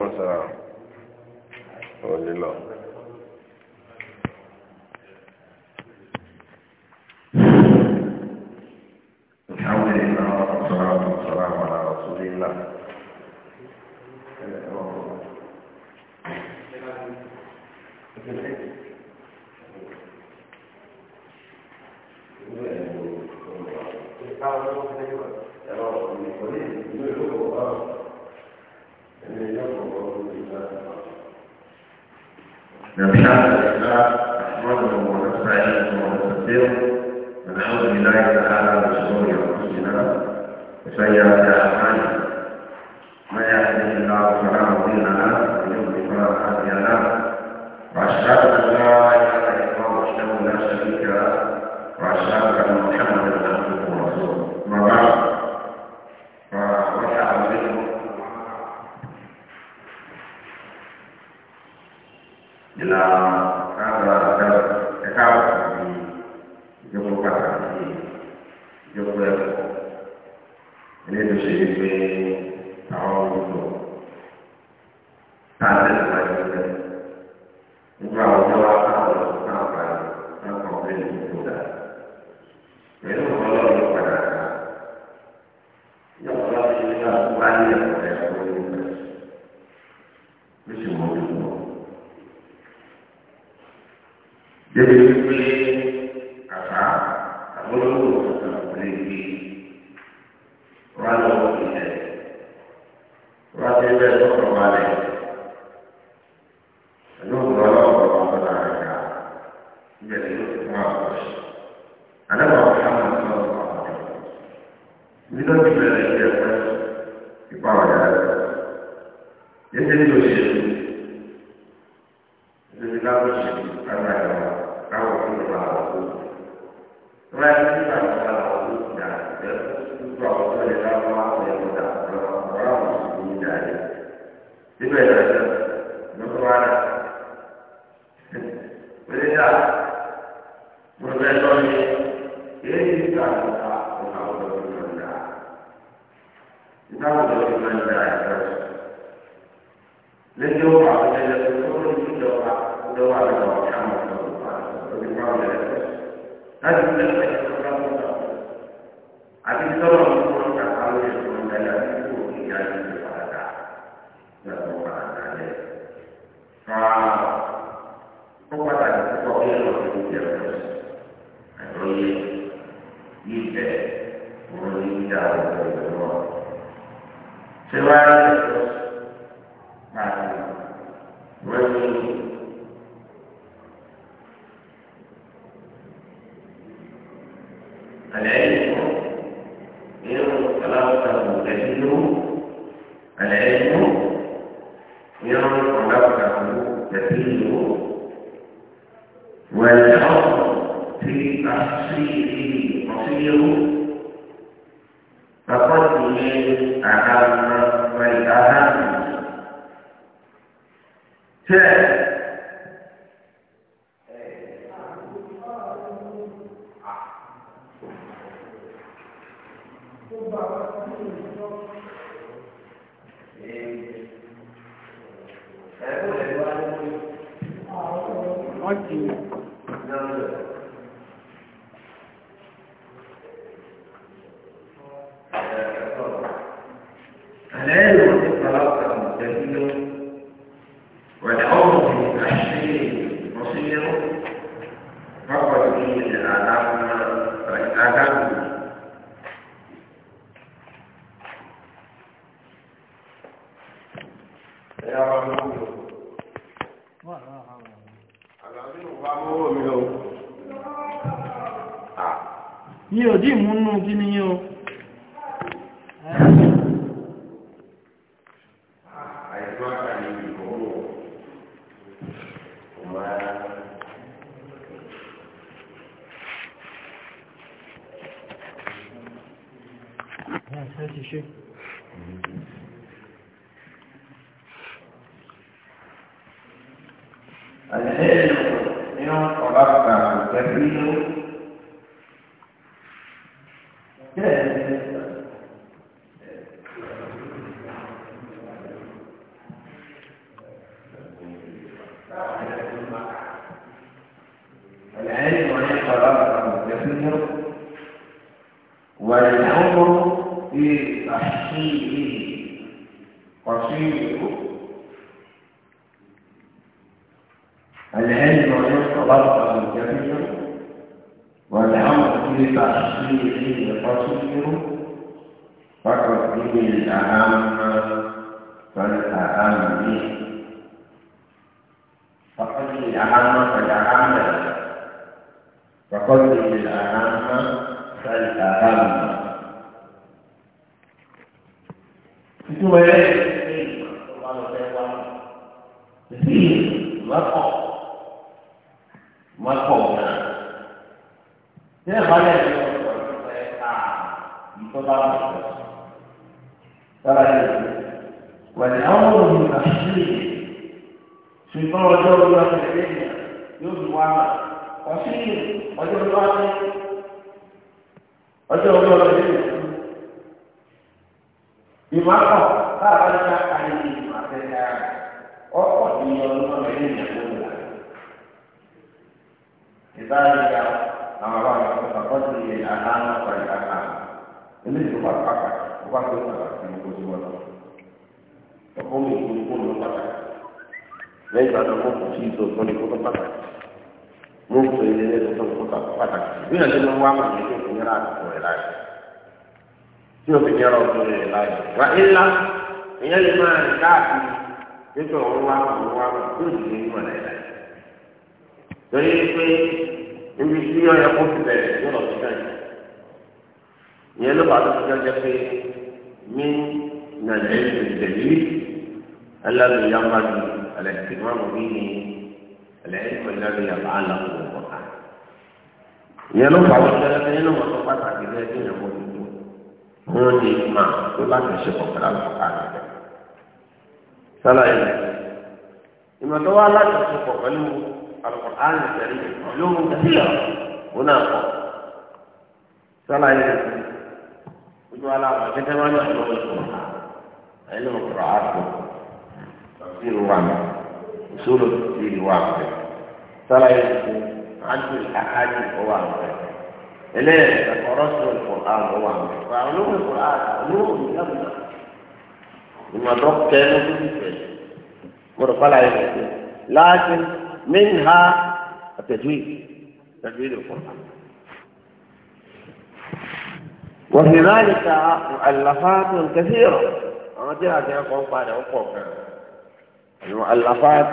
Mọ́sára onílọ. Àwọn ènìyàn Thank you. نبينا الإسلام نحمده ونستعينه ونستغفره ونعوذ بالله تعالى من شرور أنفسنا وسيئات والحر في تفسيره قصير فقد أعاد tí o fi ní ọ̀rọ̀ tó lè láyé wà ńlá ìyẹn lè máa rìn káàkiri nípa òun wá òun wá wà tó lè ní ìmọ̀ náírà lórí pé ibi tí ọyọ kó ti bẹ̀rẹ̀ yóò lọ sí káyọ̀ ìyẹn ló bá tó ti jẹ́ pé mí nàìjíríà ti alábi yamadu alẹ́sì bí ní alẹ́sì pẹ̀lú yàrá aláwọ̀ ọ̀kọ̀ta ìyẹn ló fà wọ́n jẹ́ pé nínú mọ̀tò pàtàkì bẹ́ẹ̀ tó yẹ kó wọn lè mà tó láti ṣe pọ̀pọ̀ láti fọ́ àná rẹ̀. sálàyé ìmọ̀ tó wá láti ṣe pọ̀ pẹ̀lú àlùkò àná ìtẹ̀lé ọlọ́run tẹ̀lé wọn náà pọ̀. sálàyé ojú aláwọ̀ akẹ́kẹ́ wọn náà lọ́wọ́ ìṣòro ẹni mo kọ̀ àpò sí ìwà mi ìṣòro sí ìwà mi sálàyé àjò àkájì ọwọ́ àwọn ẹ̀. ليه الفرس القرآن هو عمل فعلوم القرآن علوم يبدأ لما ضرب كانوا في الفيل مرفلة يبدأ لكن منها التجويد تجويد القرآن وفي ذلك مؤلفات كثيرة أنا جاءت يا قوم بعد المؤلفات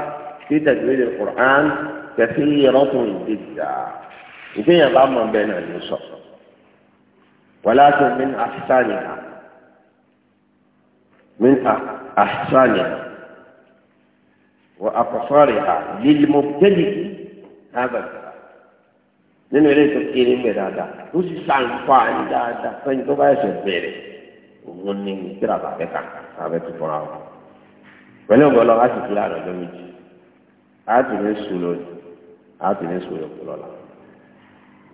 في تجويد القرآن كثيرة جدا ìdíyàn bá mọ̀ bẹ́ẹ̀ náà ló sọ wàlá tó min àṣìṣàníà min àṣìṣàníà wà àkọsọ́rì à lílmọ̀ tẹ́lẹ̀ náà nínú eré tó kéré ń bẹ dáadáa ó sì sàǹfààní dáadáa fẹ́ni tó bá ẹsẹ̀ bẹ̀rẹ̀ òun ní ìtura bàbẹ́ kan bàbẹ́ tó fọ́ra wọn. pẹ̀lú ọ̀gbọ́n lọ́wọ́ á sì fi láàrín ọjọ́ méjì á sì ní sùn lónìí á sì ní sùn lónìí lọ́la.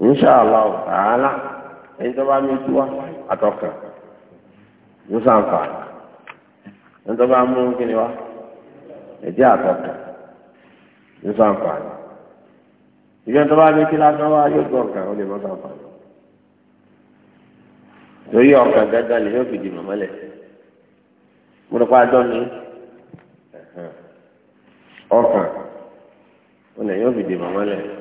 inshallah tààlà ẹni tó tuwa méjì wá àtọkàn ló sàǹfà ẹni tó bá mú ìjọ tó bá méjì lásán yóò gbọ́ nǹkan ó lè mọ́ sàǹfà torí ọkàn gángan lè yóò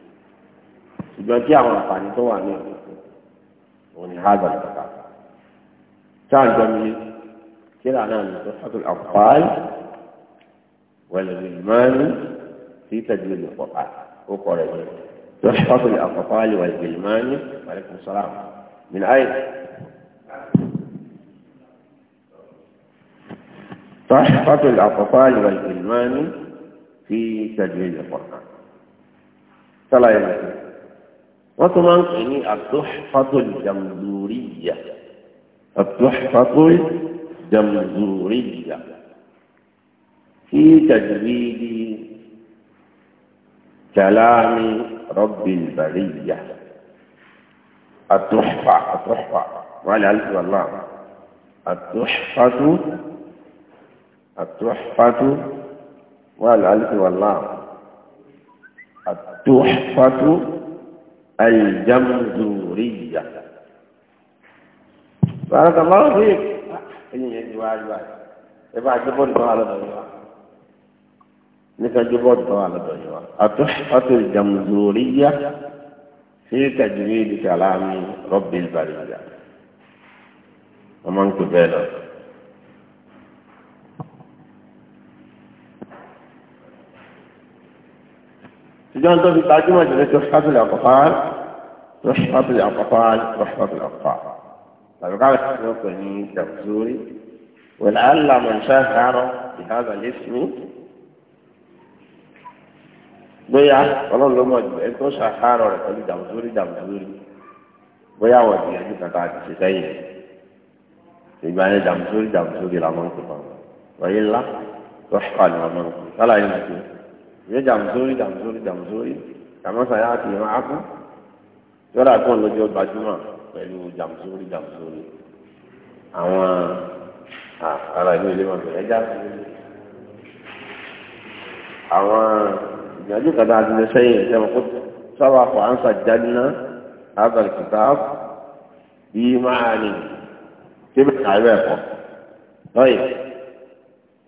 ṣùgbọ́n tí àwọn àǹfààní tó wà ní ọ̀dọ̀ òun ni ha gbàgbà kàkà tí àwọn ìjọba yìí kíra náà ní tó fàtúlù àkùfáàlì wàlùmíìmánì tí tàbí lè pọ̀pá ó kọ̀ rẹ̀ ní tó fàtúlù àkùfáàlì wàlùmíìmánì wàlùkùn sọ́lá min ayé. تحفة الأطفال والإلمان في تدوين القرآن. صلى الله عليه وسلم wọ́n tún máa ń pè ní àtúnfàtòl jàmùdùríyà àtúnfàtòl jàmùdùríyà fi tajwidi kalami rabbil bariyya àtúnfà àtúnfà wàlẹ̀ alùpùpù àtúnfàtò àtúnfàtò wàlẹ̀ alùpùpù àtúnfàtò aljamzuriya bàrọ̀kà máa ń fi ẹ̀yìn yẹn ti wá ayé báyìí ẹ bá jẹ́ bọ́ọ̀dù tó wà lọ́dọ̀ yìí wá nípa jẹ́ bọ́ọ̀dù tó wà lọ́dọ̀ yìí wá àtọ́ àti fi tajwid kalami rabbil bariya wọ́n máa ń ṣùgbọ́n tó fi gbajúmọ̀ jùlọ tó ṣáàbìlì àkọ́fà tó ṣáàbìlì àkọ́fà tó ṣáàbìlì àkọ́fà tàbí ká lè pè ní dàbùsórí wẹ̀lá àlàmọ̀ ṣáàkárọ̀ ìhàzà lẹ́sìn bóyá ọlọ́run ló mọ̀ ẹ tó ṣàkárọ̀ rẹ̀ pẹ̀lú dàbùsórí dàbùsórí bóyá wọ̀ di ẹjú kàkà àti ṣe sẹ́yìn ìgbà yẹn dàbùsórí dàbùsórí làwọn ń pè fún wọn ìyẹn jàmùsórí jàmùsórí jàmùsórí jàmùsà yá kì í máa kú yọ̀dà kan lójú gbajúmọ̀ pẹ̀lú jàmùsórí jàmùsórí àwọn ara ìlú ilé mọ̀tò ẹja àwọn ìgbìyànjú kan náà ti lè sẹ́yìn ìṣẹ́ wọn kó sábà kọ́ ansa jáde abal kitab bíi máa ní tí bẹ́ẹ̀ kàwé ẹ̀kọ́ lọ́yẹ̀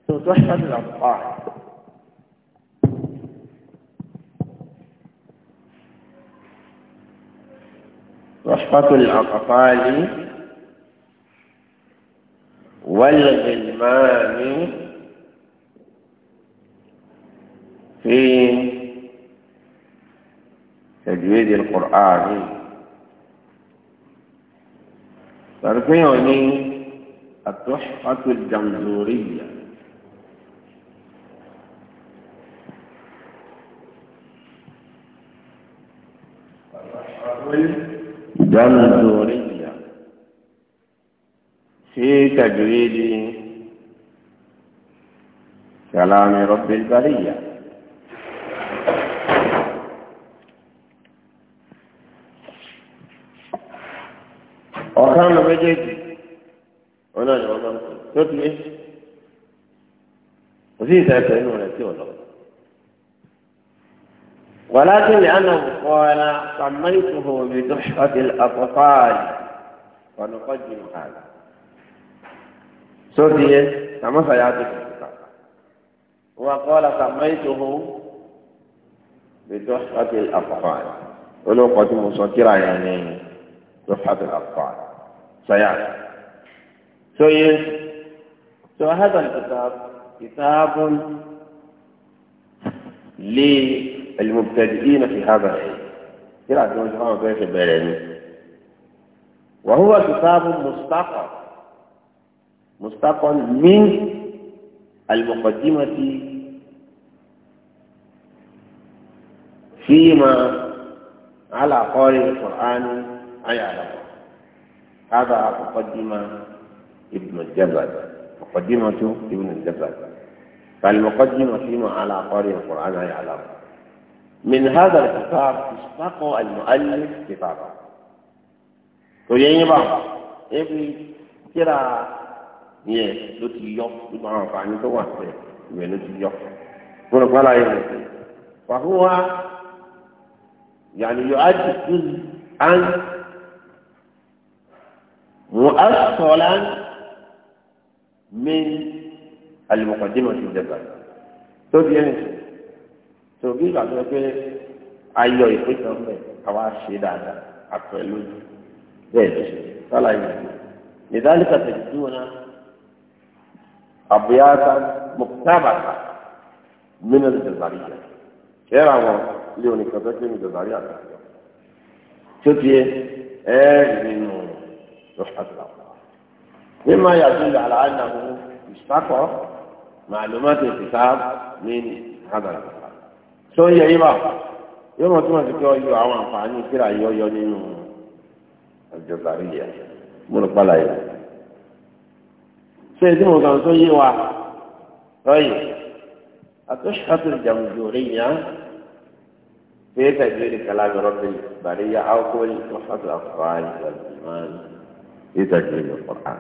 tó tó ṣáájú làpá. رفقة الأطفال والغلمان في تجويد القرآن ترفعني التحفة الجمهورية التحفة جندورية في تجويد كلام رب البرية وكان بجد هنا يوم تطلع وفي ذات انه نسي والله ولكن لأنه قال سميته بتحفه الأطفال ونقدم هذا سورتي كما سيأتي وقال سميته بتحفه الأطفال ونقدم مسكرة يعني تحفه الأطفال سيأتي سورتي هذا الكتاب كتاب لي المبتدئين في هذا العلم وهو كتاب مستقر مستقر من المقدمة فيما على قارئ القرآن أي على هذا مقدمة ابن الجبل مقدمة ابن الجبل فالمقدمة فيما على قارئ القرآن أي أيعلم من هذا الكتاب اشتق المؤلف كتابا ويجب ابن كرا يس لوتي يوم ما فاني تو واسه لوتي يوم ولا ولا يوم فهو يعني يؤدي جزءا مؤصلا من المقدمة الجبل تبين tó bí ìgbà tó pé ayọ̀ ìpínlẹ̀ ọ̀fẹ́ àwa ṣe dáadáa àpẹ lójú bẹ́ẹ̀ ló ṣe sálà ìlú nìdálẹ́ kàtẹ́ ìdúró náà àbúyá mọ̀tàbàtà mínú ìdàgbàrí yẹn kẹ́ra wọn ilé oníkàtẹ́ pé ní ìdàgbàrí àtàkùn tó ti yẹ ẹ́ẹ̀rì nínú lọ́sàtà mímọ yàtọ̀ ìlú àlàáńdà mú ìsàkọ̀ màlúmọ́tò ìsàkọ̀ ní àgbàlagbà tó yẹ yí bá yóò mọ̀ túmọ̀ sí pé ọ yọ àwọn àǹfààní kíra yọ yọ nínú àjọsàrí yẹ mo lọ pàlà yẹ ṣé ìdí mo kàn tó yé wa lọ́yìn àtúnṣàtò ìjàmùjòrè yẹn في تجويد كلام رب البرية أو قول محفظ الأفعال والإيمان في تجويد القرآن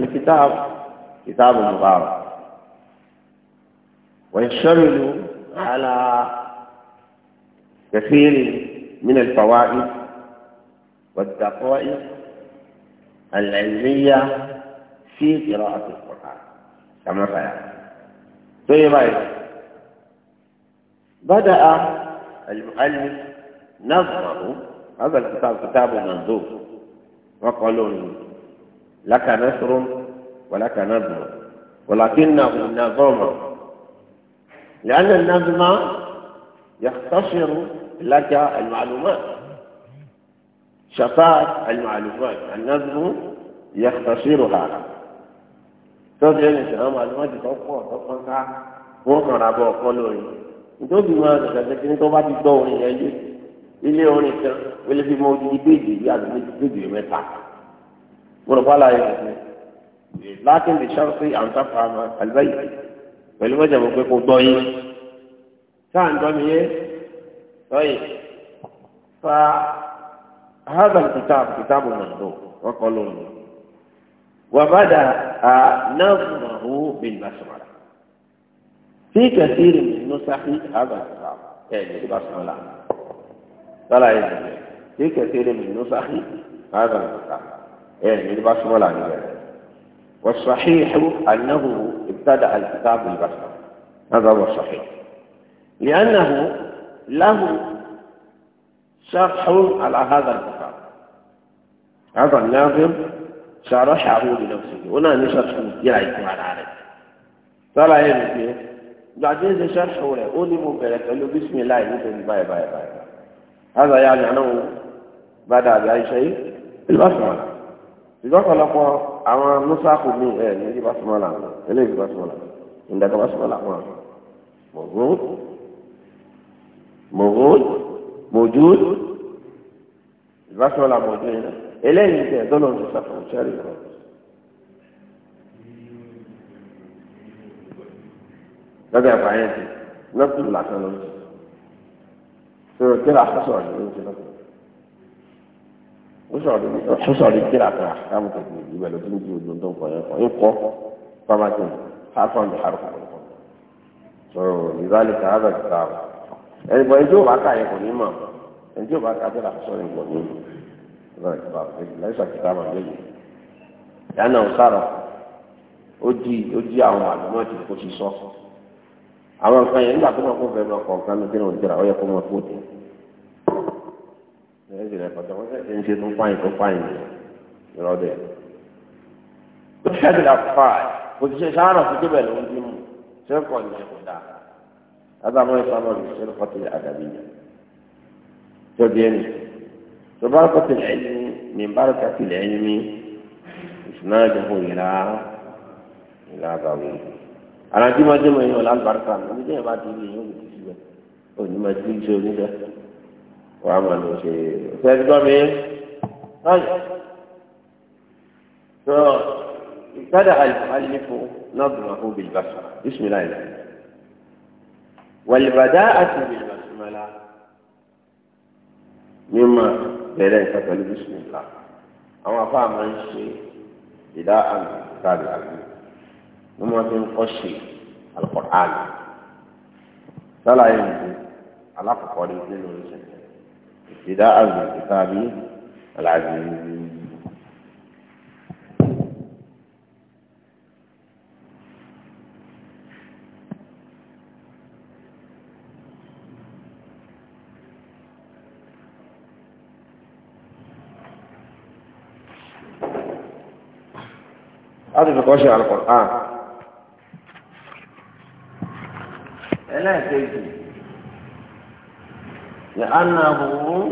الكتاب كتاب مبارك ويشمل على كثير من الفوائد والدقائق العلمية في قراءة القرآن كما سيأتي طيب أيضا بدأ المؤلف نظره هذا الكتاب كتاب منظوم وقالوا لك نثر ولك نظم ولكنه نظمه لأن النظم يختصر لك المعلومات شفاف المعلومات النظم يختصرها تدعيني سلام المعلومات توقع توقع توقع رابو قولوني انتو بما تتذكر انتو بعد الدوري يجي اللي هوني كان واللي في موجودي بيجي يعني بيجي يمتع ونقال لكن بشرط ان pẹ̀lú mọ́jàmú pé kò gbọ́ yín sáà ń gbọ́ mi yé lọ́yìn fa hadha kitab kitabu mọ̀tò ọkọ̀ lónìí wàbàdà à nàfùmàhù bilbasmala fi kẹsìrì nusahi hadha kitab ẹ̀ ní bilbasmala sọ́la yìí fi kẹsìrì nusahi hadha kitab ẹ̀ ní bilbasmala níbẹ̀rẹ̀. والصحيح أنه ابتدأ الكتاب بالبصرة هذا هو الصحيح لأنه له شرح على هذا الكتاب هذا الناظم شرحه بنفسه هنا نشرح جلعته على ترى طلع يمكن بعدين شرحه له قولي مبارك قال له بسم الله يقول باي باي باي هذا يعني أنه بدأ بأي شيء البصرة ìgbọ́pọ̀lọpọ̀ àwọn mùsàkù mi ẹ̀ ní ìdí basumọ́là eléyìí basumọ́là ìdàgbà basumọ́là wọn mọ̀gún mọ̀gún mọ̀jú ìbásọ́là mọ̀jú yìí náà eléyìí tẹ̀ dọ́lọ̀ ní sàfún sẹ́rì kan. lọ́dọ̀ ẹ̀fọ́ ayé ti lọ́kùnrin làkàn ló ń sọ kí ló àkọsọ̀rọ̀ ló ń sọ lọ́kùnrin ó sọ̀rọ̀ kíra kan káàmù tó kù ìbẹ̀ ló tún ju ojú tó ń kọ yẹn kọ yín kọ pàmàtì fáfọ́n ní àrùkù so ìbálẹ̀ kan ábẹ̀ kíkà rẹ̀ ẹni bọ̀ ẹjọ́ bá kà yẹn kò ní mọ̀ ẹjọ́ bá kà tẹ́lẹ̀ àfọ̀sọ́rẹ̀ ń bọ̀ ní ìlànà ìsàkìtà ó di ó di àwọn àlùmọ́ ti kó ti sọ àwọn nǹkan yẹn nígbà tó ẹ sì rẹpọtọ wọn ṣẹ̀ṣẹ̀ ń ṣe tó fáyìn tó fáyìn ìrọ dẹ ó ti ṣẹ̀ṣẹ̀ dà fà kò ti ṣe sáárà tó débẹ̀ ló ń dín mu ṣẹkọ ní ẹkọ dà ádámọ ẹ sábà lè ṣe lọkọ tẹ́lẹ̀ àgàbí yẹn tó di ẹni tó bá lọkọ tẹ́lẹ̀ ẹni mi bá lọkọ tẹ́lẹ̀ ẹni mi ìṣúná ìjọba ìlà ìlà àgbàwọ àràdìmọdé máa ti rí ìṣe oníṣẹ́ wàá mọ̀ ní ṣe ṣẹ́ni gbọ́ mi báyìí tó ìtàdà àlìfò náà dùn àpò bìlìbàṣà bísímìláì lẹ́yìn wàlìbàdà àti bìlìbàṣìmọ́lá mímọ bẹ̀rẹ̀ nǹkan pẹ̀lú bísímìlá àwọn afá máa ń ṣe ìdá àmì tàbí àmì wọ́n fi ń kọ́ ṣe alukọ̀tàn sálàyé nìyí alákọ̀ọ́kọ́ nínú ìṣẹ̀lẹ̀. ابتداء من كتاب العزيز عاطفة وجه على القرآن لا تجد لأنه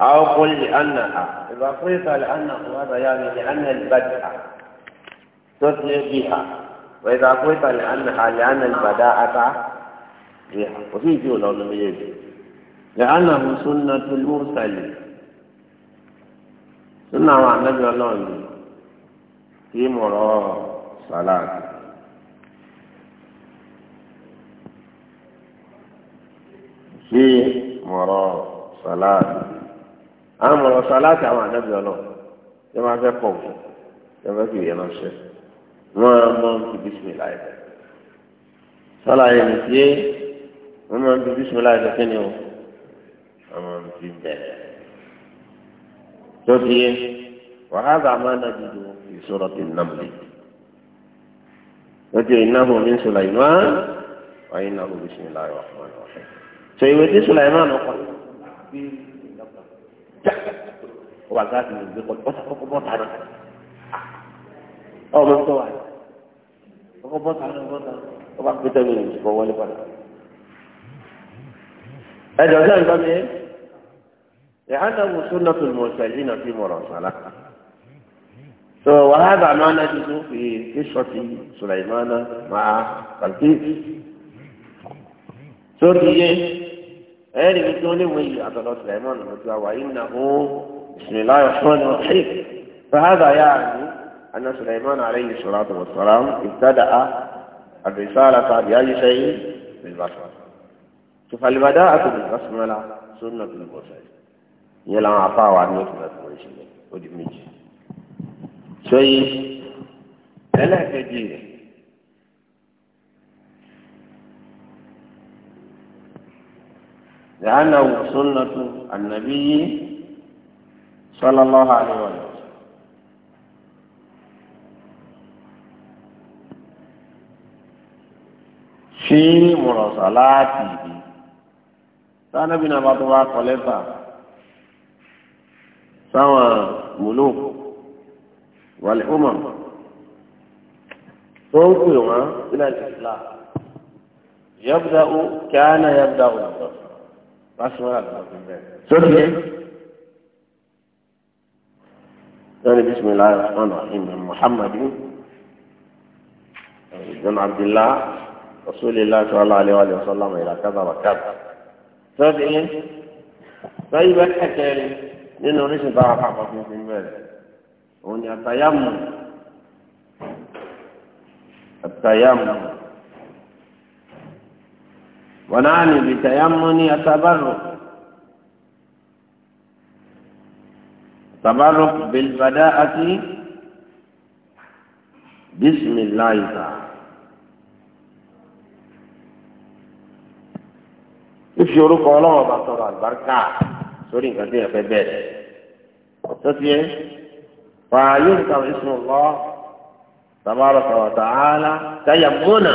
أو قل لأنها إذا قلت لأنه هذا يعني لأن البدء تثني بها وإذا قلت لأنها لأن البداءة بها وفي جولة لم لأنه سنة المرسل سنة مع النبي الله في مرار صلاته sí mọ̀rọ̀ sàláàtì àwọn mọ̀rọ̀ sàláàtì àwọn ànábì ọlọ́run yẹn máa fẹ́ pọ̀ fún yẹn fẹ́ fi yẹn ránṣẹ́ wọ́n á mọ́ fi bísímìlá ẹ̀ sálàyé mi sí wọ́n máa ń fi bísímìlá ẹ̀ kí ni o wọ́n máa ń fi bẹ̀rẹ̀ tó ti yẹ wàhálà máa ń dájú ìṣòro ti nà mọ́lẹ̀ lọ́jọ́ ìnáwó mi sọ̀rọ̀ ìnáwó wáyé náà ló bísímìlá ẹ̀ wà fún ẹ̀ sọ Sulaiman kọ wà gáàsì lè gbé kọlu bọ́tà kọ́kọ́ bọ́tà rẹ ọ tó wà kọ́kọ́ bọ́tà rẹ bọ́tà ọ pété mi wọlé padà ẹ tó náà tó ti yé ẹ̀rí mi tó léwu yìí àtọ̀dọ̀ sùlẹ̀mọ́nù lójú àwà yìí nà ó bisimilahi rahman rahim fahadà yà ni anna sùlẹ̀mọ́nù alayhi salatu wa salam ìtàdà á àbísàlà tàbí ayíṣẹ́ yìí bilbasma tùfàlìbàdà àti bilbasma la sunna bilbasma ìyẹn làwọn apá wa ní ìtura tó ń ṣe ó di méjì. sọ لأنه سنة النبي صلى الله عليه وسلم في مراسلاته كان بنا بطوى خليفة سوى ملوك والأمم توقيوا إلى الإسلام يبدأ كان يبدأ الرسول pásítọ̀rà ló fi bẹ̀rẹ̀. sókè lórí bisimilahi rahman rahim muhammadu ibn abdullah rasulillah sallallahu alayhi wa sallam ila kaza wa kaza. sókè lórí bẹ́ẹ̀ kẹ́kẹ́rì nínú orísun táwa pàpà fún fi bẹ̀rẹ̀ òun ni àtàyàmù àtàyàmù. ونعني بتيمني التبرك التبرك بالبداءة بسم الله تعالى ifi orúkọ ọlọ́wọ́ bá tọrọ àlùbáríkà sórí nǹkan tí ẹ̀fẹ́ bẹ̀rẹ̀ tó ti yẹ fààyè nǹkan ìsúnmọ́ tabaraka wa ta'ala tayamuna.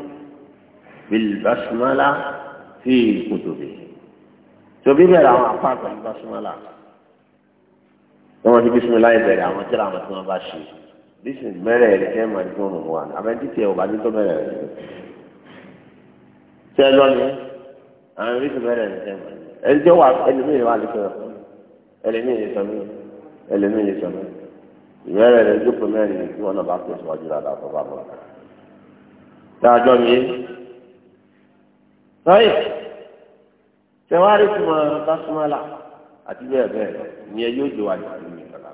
بالبسملة في كتبه سبيل الله أعطاك البسملة wọ́n ti bisimilayi bẹ̀rẹ̀ àwọn tíra àwọn tí wọ́n bá ṣe bísìn mẹ́rẹ̀ rẹ̀ kẹ́ máa di fóònù wa àbẹ̀ títí ọba tó bẹ̀rẹ̀ rẹ̀ tẹ́ lọ́ni àwọn bísìn mẹ́rẹ̀ rẹ̀ kẹ́ máa di ẹni tí ó wà ẹlẹ́mìí rẹ̀ wà lè sọ̀rọ̀ ẹlẹ́mìí rẹ̀ sọ̀rọ̀ ẹlẹ́mìí rẹ̀ sọ̀rọ̀ ìmẹ́rẹ̀ rẹ̀ jókòó mẹ́rin tí wọ́n náà bá tó síwájú rẹ̀ àdàpọ̀ bá bọ̀ sọ́yìn tẹ̀wárí tí mo básúmọ́lá àti bẹ́ẹ̀ bẹ́ẹ̀ lọ ìyẹn yóò jọ wà lórí mi kàlá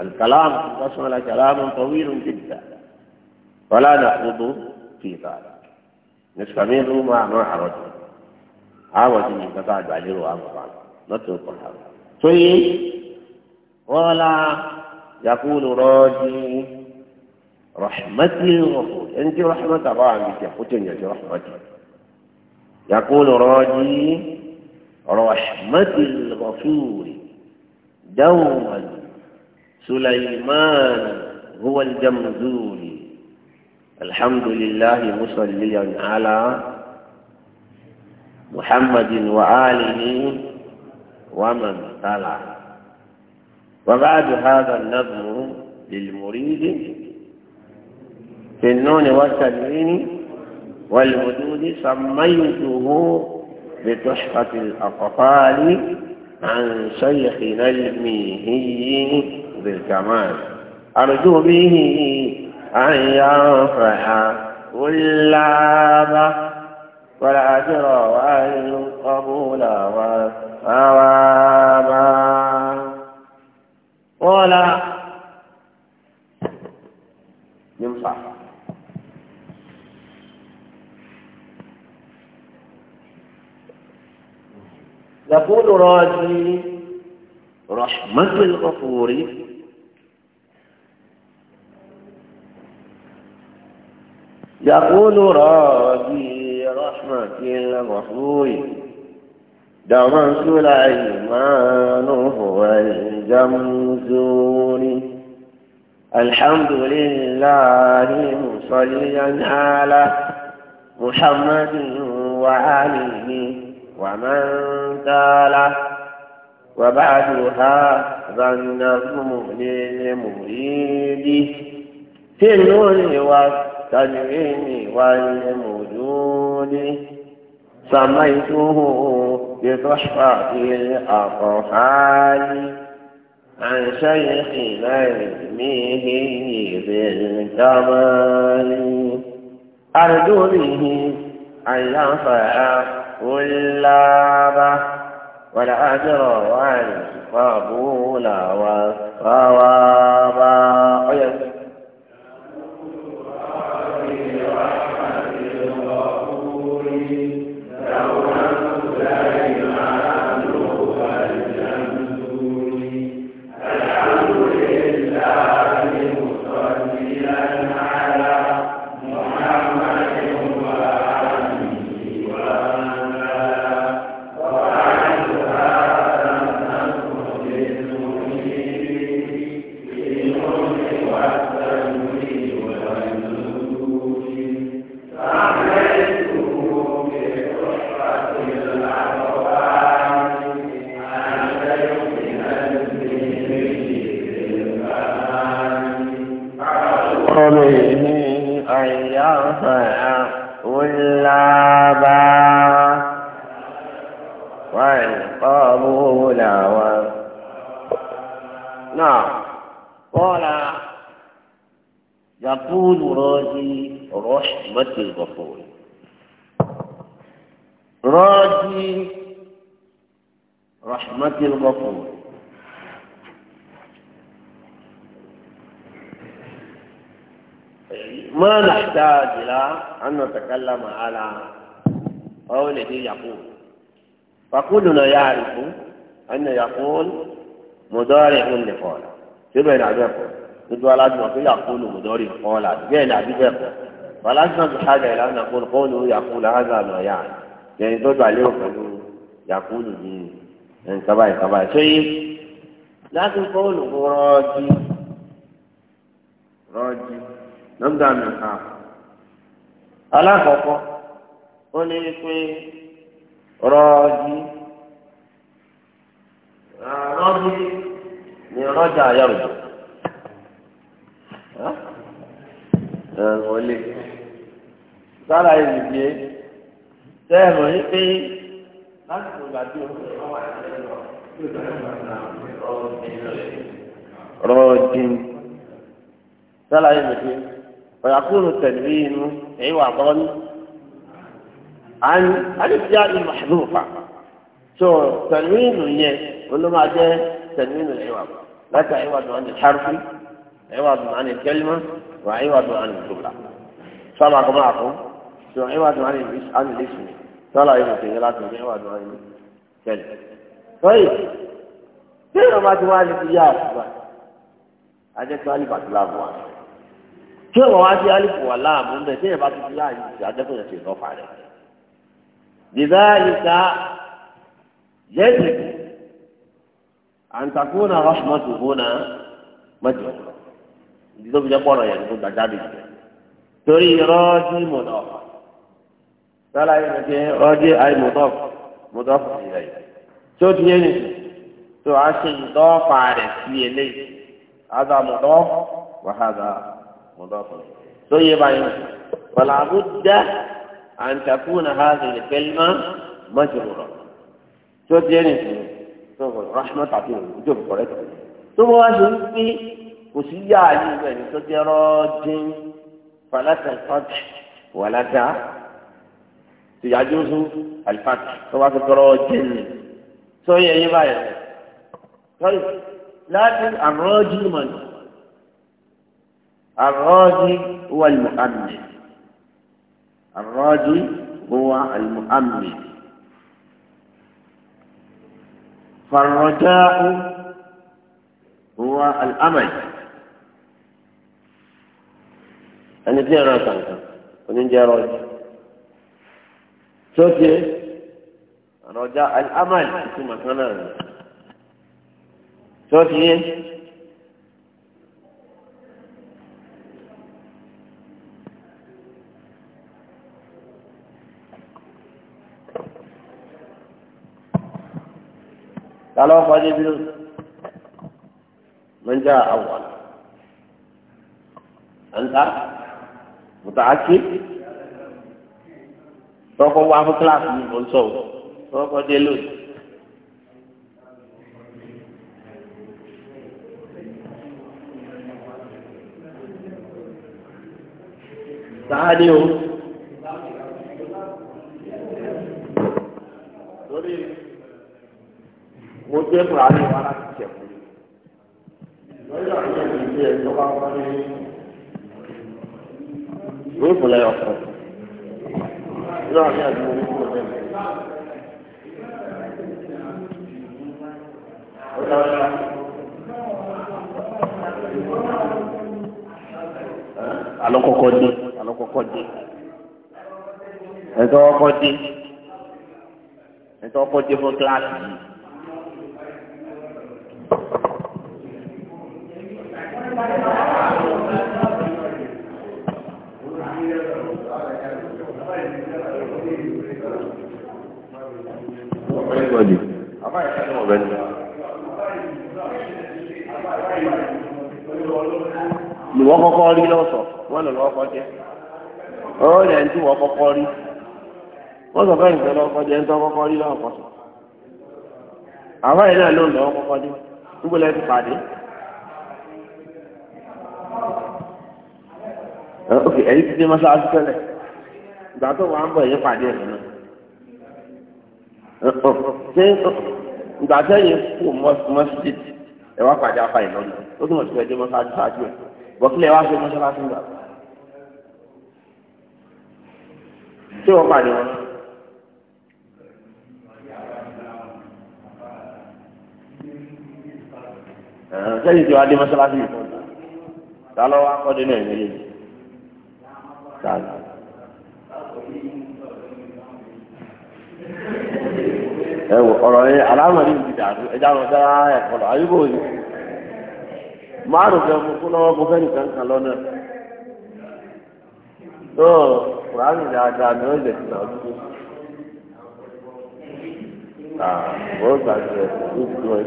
alikalam básúmọ́lá kàlámù tọ́wírù jìdá wọlé àná kúndú fìdá nìsàmì ló máa mọ àròjù àròjù yìí kàtà àgbàlérò àgbà lọ́tọ̀ kọ̀ àrò tóyé wọ́lá yakúlù rọ́ọ̀dì rọ̀ḥmẹ́tì rọ̀ḥmẹ́tì rọ̀ḥmẹ́tì àbáwá mi jẹ́ kó tó yẹn ti rọ̀ḥmẹ́tì. يقول راجي رحمة الغفور دوما سليمان هو الجمزوري الحمد لله مصليا على محمد وآله ومن طلع وبعد هذا النظم للمريد في النون والتنوين والوجود سميته بتحفة الأطفال عن شيخنا الميهي بالكمال أرجو به أن يرفع كلابه والأجر القبول والثواب ولا ينصح تقول راجي رحمة الغفور يقول راجي رحمة الغفور دم سليمان هو الجمزون الحمد لله مصليا على محمد وعليه ومن تاله وبعدها المؤمن للمريد في النور والتنوين والمجون سميته بصحبة الأطفال عن شيخ نجمه بالكمال أرجو به أن ينفع واللابة والأجر والقبول والصواب الرحمة الغفور راجي رحمة الغفور ما نحتاج إلى أن نتكلم على قوله يقول فكلنا يعرف أن يقول مضارع لقال شبه العجب ندوى لازم يقول مضارع قال بين عجب فلسنا بحاجة إلى أن نقول قوله يقول هذا ما يعني يعني تدعى له فلو يقول به يعني كباي كباي شيء لكن قوله راجي راجي نبدأ من حاجة alákọ̀ọ́kọ́ ó ní pé rọ́ọ̀dì rọ́ọ̀dì ni rọ́jà ayọ̀rọ̀ ẹ̀ wọlé sára ìlú yé sẹ́ẹ̀mù yìí pé láti kò gbàdí rọ́ọ̀dìn sára ìlú yé ọ̀yàkúrò tẹ̀lé inú èyí wà bọ́ ní. àní tí a ní màlúùfà tó tẹ̀lé inú yẹn olómàjẹ́ tẹ̀lé inú èyí wà bọ́ láti àyíwá dùn án ní harfi àyíwá dùn án ní kẹlímà wà àyíwá dùn án ní tóbla. sábà kọ́ máa sọ ẹ wá dùn án ní ànìlẹsìn sọlá yìí mọtò yẹn láti ọdún ẹ wá dùn án ní tẹ́lẹ̀. sọyìn tí èèyàn bá ti wá ní ti yá àtúbà ajẹ́pẹ́ alìbàtí láàbù wa tí èèyàn wá sí alìbù wà láàmú ń bẹ̀ tí èèyàn bá ti ti yá àyè sí yẹn ti lọ́fà rẹ̀. bìbáyìíká yẹ́sì àǹtakùnà rahmatu hona mẹ́jọ ìdílé òbí jẹ́ pọ̀rọ̀ yẹn tó gbàjáde torí rọ́ọ̀dì mọ̀nà ọ̀fà. sálà yìí ti ọjọ́ àìmọ̀dọ́f mọ̀dọ́f ìrẹ̀ yìí tó ti yé nìyí tó a ṣe ìdọ́fà rẹ̀ sí eléyìí àdá mọ̀dọ́f wàhádà mọ̀dọ́f tó yé báyìí wàlà àbújá àǹtakùn àhàzì ìfẹ́lmá mọ́jọ̀rọ̀ tó ti yé nìyí tó kọ̀ rahmat àti òjò kọ̀rẹ́ tó tó bá wá ṣe wípé kò sí yáa yìí bẹ́ẹ̀ ni tó jẹ́ rọ́ọ́dín falata ìfọ́jì wàlata. يجوز الفتح سواء في تقرأ جن سوي يبايع طيب لكن الراجي من الراجي هو المؤمن الراجي هو المؤمن فالرجاء هو الأمل أن يجي راجع أن يجي tó ṣe àròjà alámàlì ìtumọ̀ kan náà rẹ̀ tó ṣe قال وخرج بن من anza, tọ́kọ́ wá fún kíláàsì ní ìbọn sọ̀rọ̀ tọ́kọ́ dé lónìí. sáádé o lórí mo jẹ́ fúlàní wa láti jẹ̀kú lórí àwọn ìṣẹ̀lẹ̀ ìṣẹ̀lẹ̀ tó bá wọlé ní ìfúnlẹ̀ ọkọ̀ náà ní àdúgbò ní kúrò bẹ́ẹ̀. alọ́kọ̀kọ́ dé alọ́kọ̀kọ́ fún kíláàsì yìí. ni wọ́n kọ́kọ́ rí lọ́sọ̀ wọ́n lọ lọ́wọ́ kọjẹ́ ọ̀rọ̀ yẹn tí wọ́n kọ́kọ́ rí wọ́n sọ fẹ́ẹ́ ìfẹ́ lọ́wọ́ kọjẹ́ ń tọ́ kọ́kọ́ rí lọ́wọ́ kọsọ̀ àwọn yẹn náà ló ń lọ́wọ́ kọ́kọ́ dé níbo lẹ́ ti pàdé. ok ẹ̀yin ti dé mọ́ṣáláṣí tẹ́lẹ̀ ìgbà tó wà ń bọ̀ ẹ̀yin pàdé ẹ̀ náà ìgbà sẹ́yìn kò mọ́sídìt ẹ wá pàdé afa ìlọ́nà ó túnmọ̀ sí ẹjọ́ mọ́sáájú ṣáájú ẹ̀ bọ́kílẹ̀ wá fẹ́ mọ́sálásí gbà. ṣé wọ́n pàdé wọn. sẹ́yìn tí wàá dé mọ́sálásí yìí. ta ló wá kọ́ dé náà ìmẹ́lẹ́ yìí. ẹ wò ọ̀rọ̀ yẹn alámọ̀lì ti dàrú ẹja lọ dá ẹ̀kọ́ lọ ayé bòóyì márùn-ún fẹ́ fún lọ́wọ́ mo fẹ́ nìkan kan lọ́nà tó kùránì dáadáa ni ó lè tìlà ọdún àwọn ọgbà tó ẹ̀ tó ti tó ẹ̀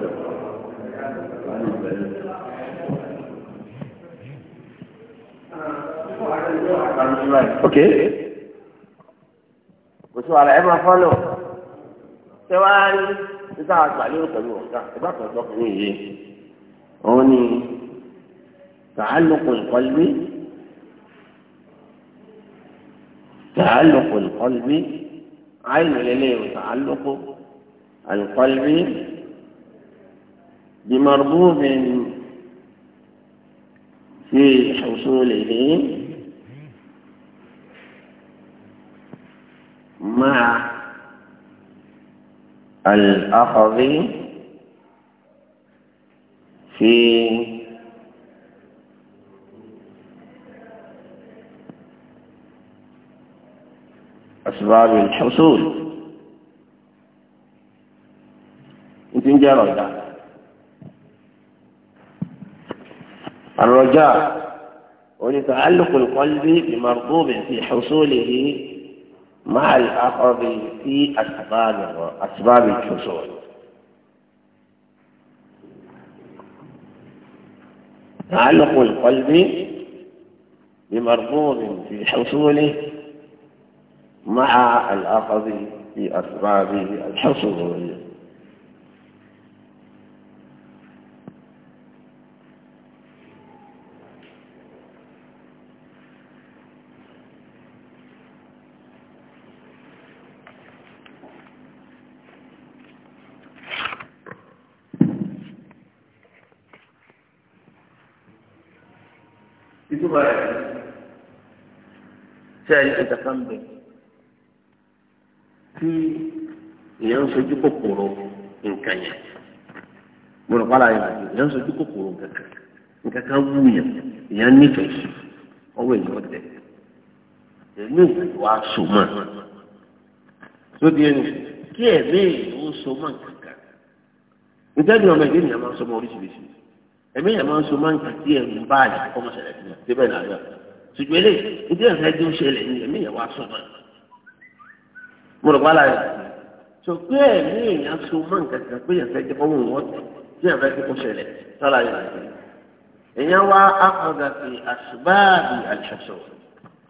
ok kò sí wàhálà ẹ tẹwàárí níta àgbà lérò pẹ̀lú ọ̀gá ẹgbà kan tọkùnrin yìí òun ni tàálùkù ìkọlùmí tàálùkù ìkọlùmí àìní lélẹ́yìn tàálùkù ìkọlùmí بمربوب في حصوله maa. الأخذ في أسباب الحصول يمكن رجاء الرجاء ولتعلق القلب بمرغوب في حصوله مع الأخذ في أسباب أسباب الحصول تعلق القلب بمرغوب في حصوله مع الأخذ في أسباب الحصول sẹ́ẹ̀lì ìtàkà ń bẹ̀ tí èèyàn ń sojú kòkòrò nǹkan yẹn mo rò pálá yẹn àti èèyàn ń sojú kòkòrò nǹkan kan nǹkan kan wú yẹn èèyàn nífẹ̀ẹ́ sí ọwọ́ èèyàn tẹ̀ èmi ìgbàlú wa so mọ́ lóde ẹni kí ẹ̀mí ìlú so mọ́ nǹkan kan ìtẹ́jú ọmọ ìdí nìyẹn máa ń so mọ́ oríṣiríṣi ẹ̀mí ìyẹn máa ń so mọ́ nǹkan tí ẹ̀rù ń bá àyà kọ́mọ̀ṣẹ̀lẹ̀ sí i débẹ̀ náà yọ̀ ṣùgbọ́n ilé ìdí ẹ̀fẹ́ tó ṣẹlẹ̀ ní ẹ̀mí yẹn wá sọ̀rọ̀ mo rò wálá yẹn tó pé ẹ̀mí èèyàn so mọ́ nǹkan kan pé ẹ̀fẹ́ tó kọ́ wọ́n wọ́n tí ẹ̀fẹ́ tó kọ́ ṣẹlẹ̀ sọ́la yẹn àti èèyàn wá akọ̀dà sí àṣùbáàbì àṣàṣọ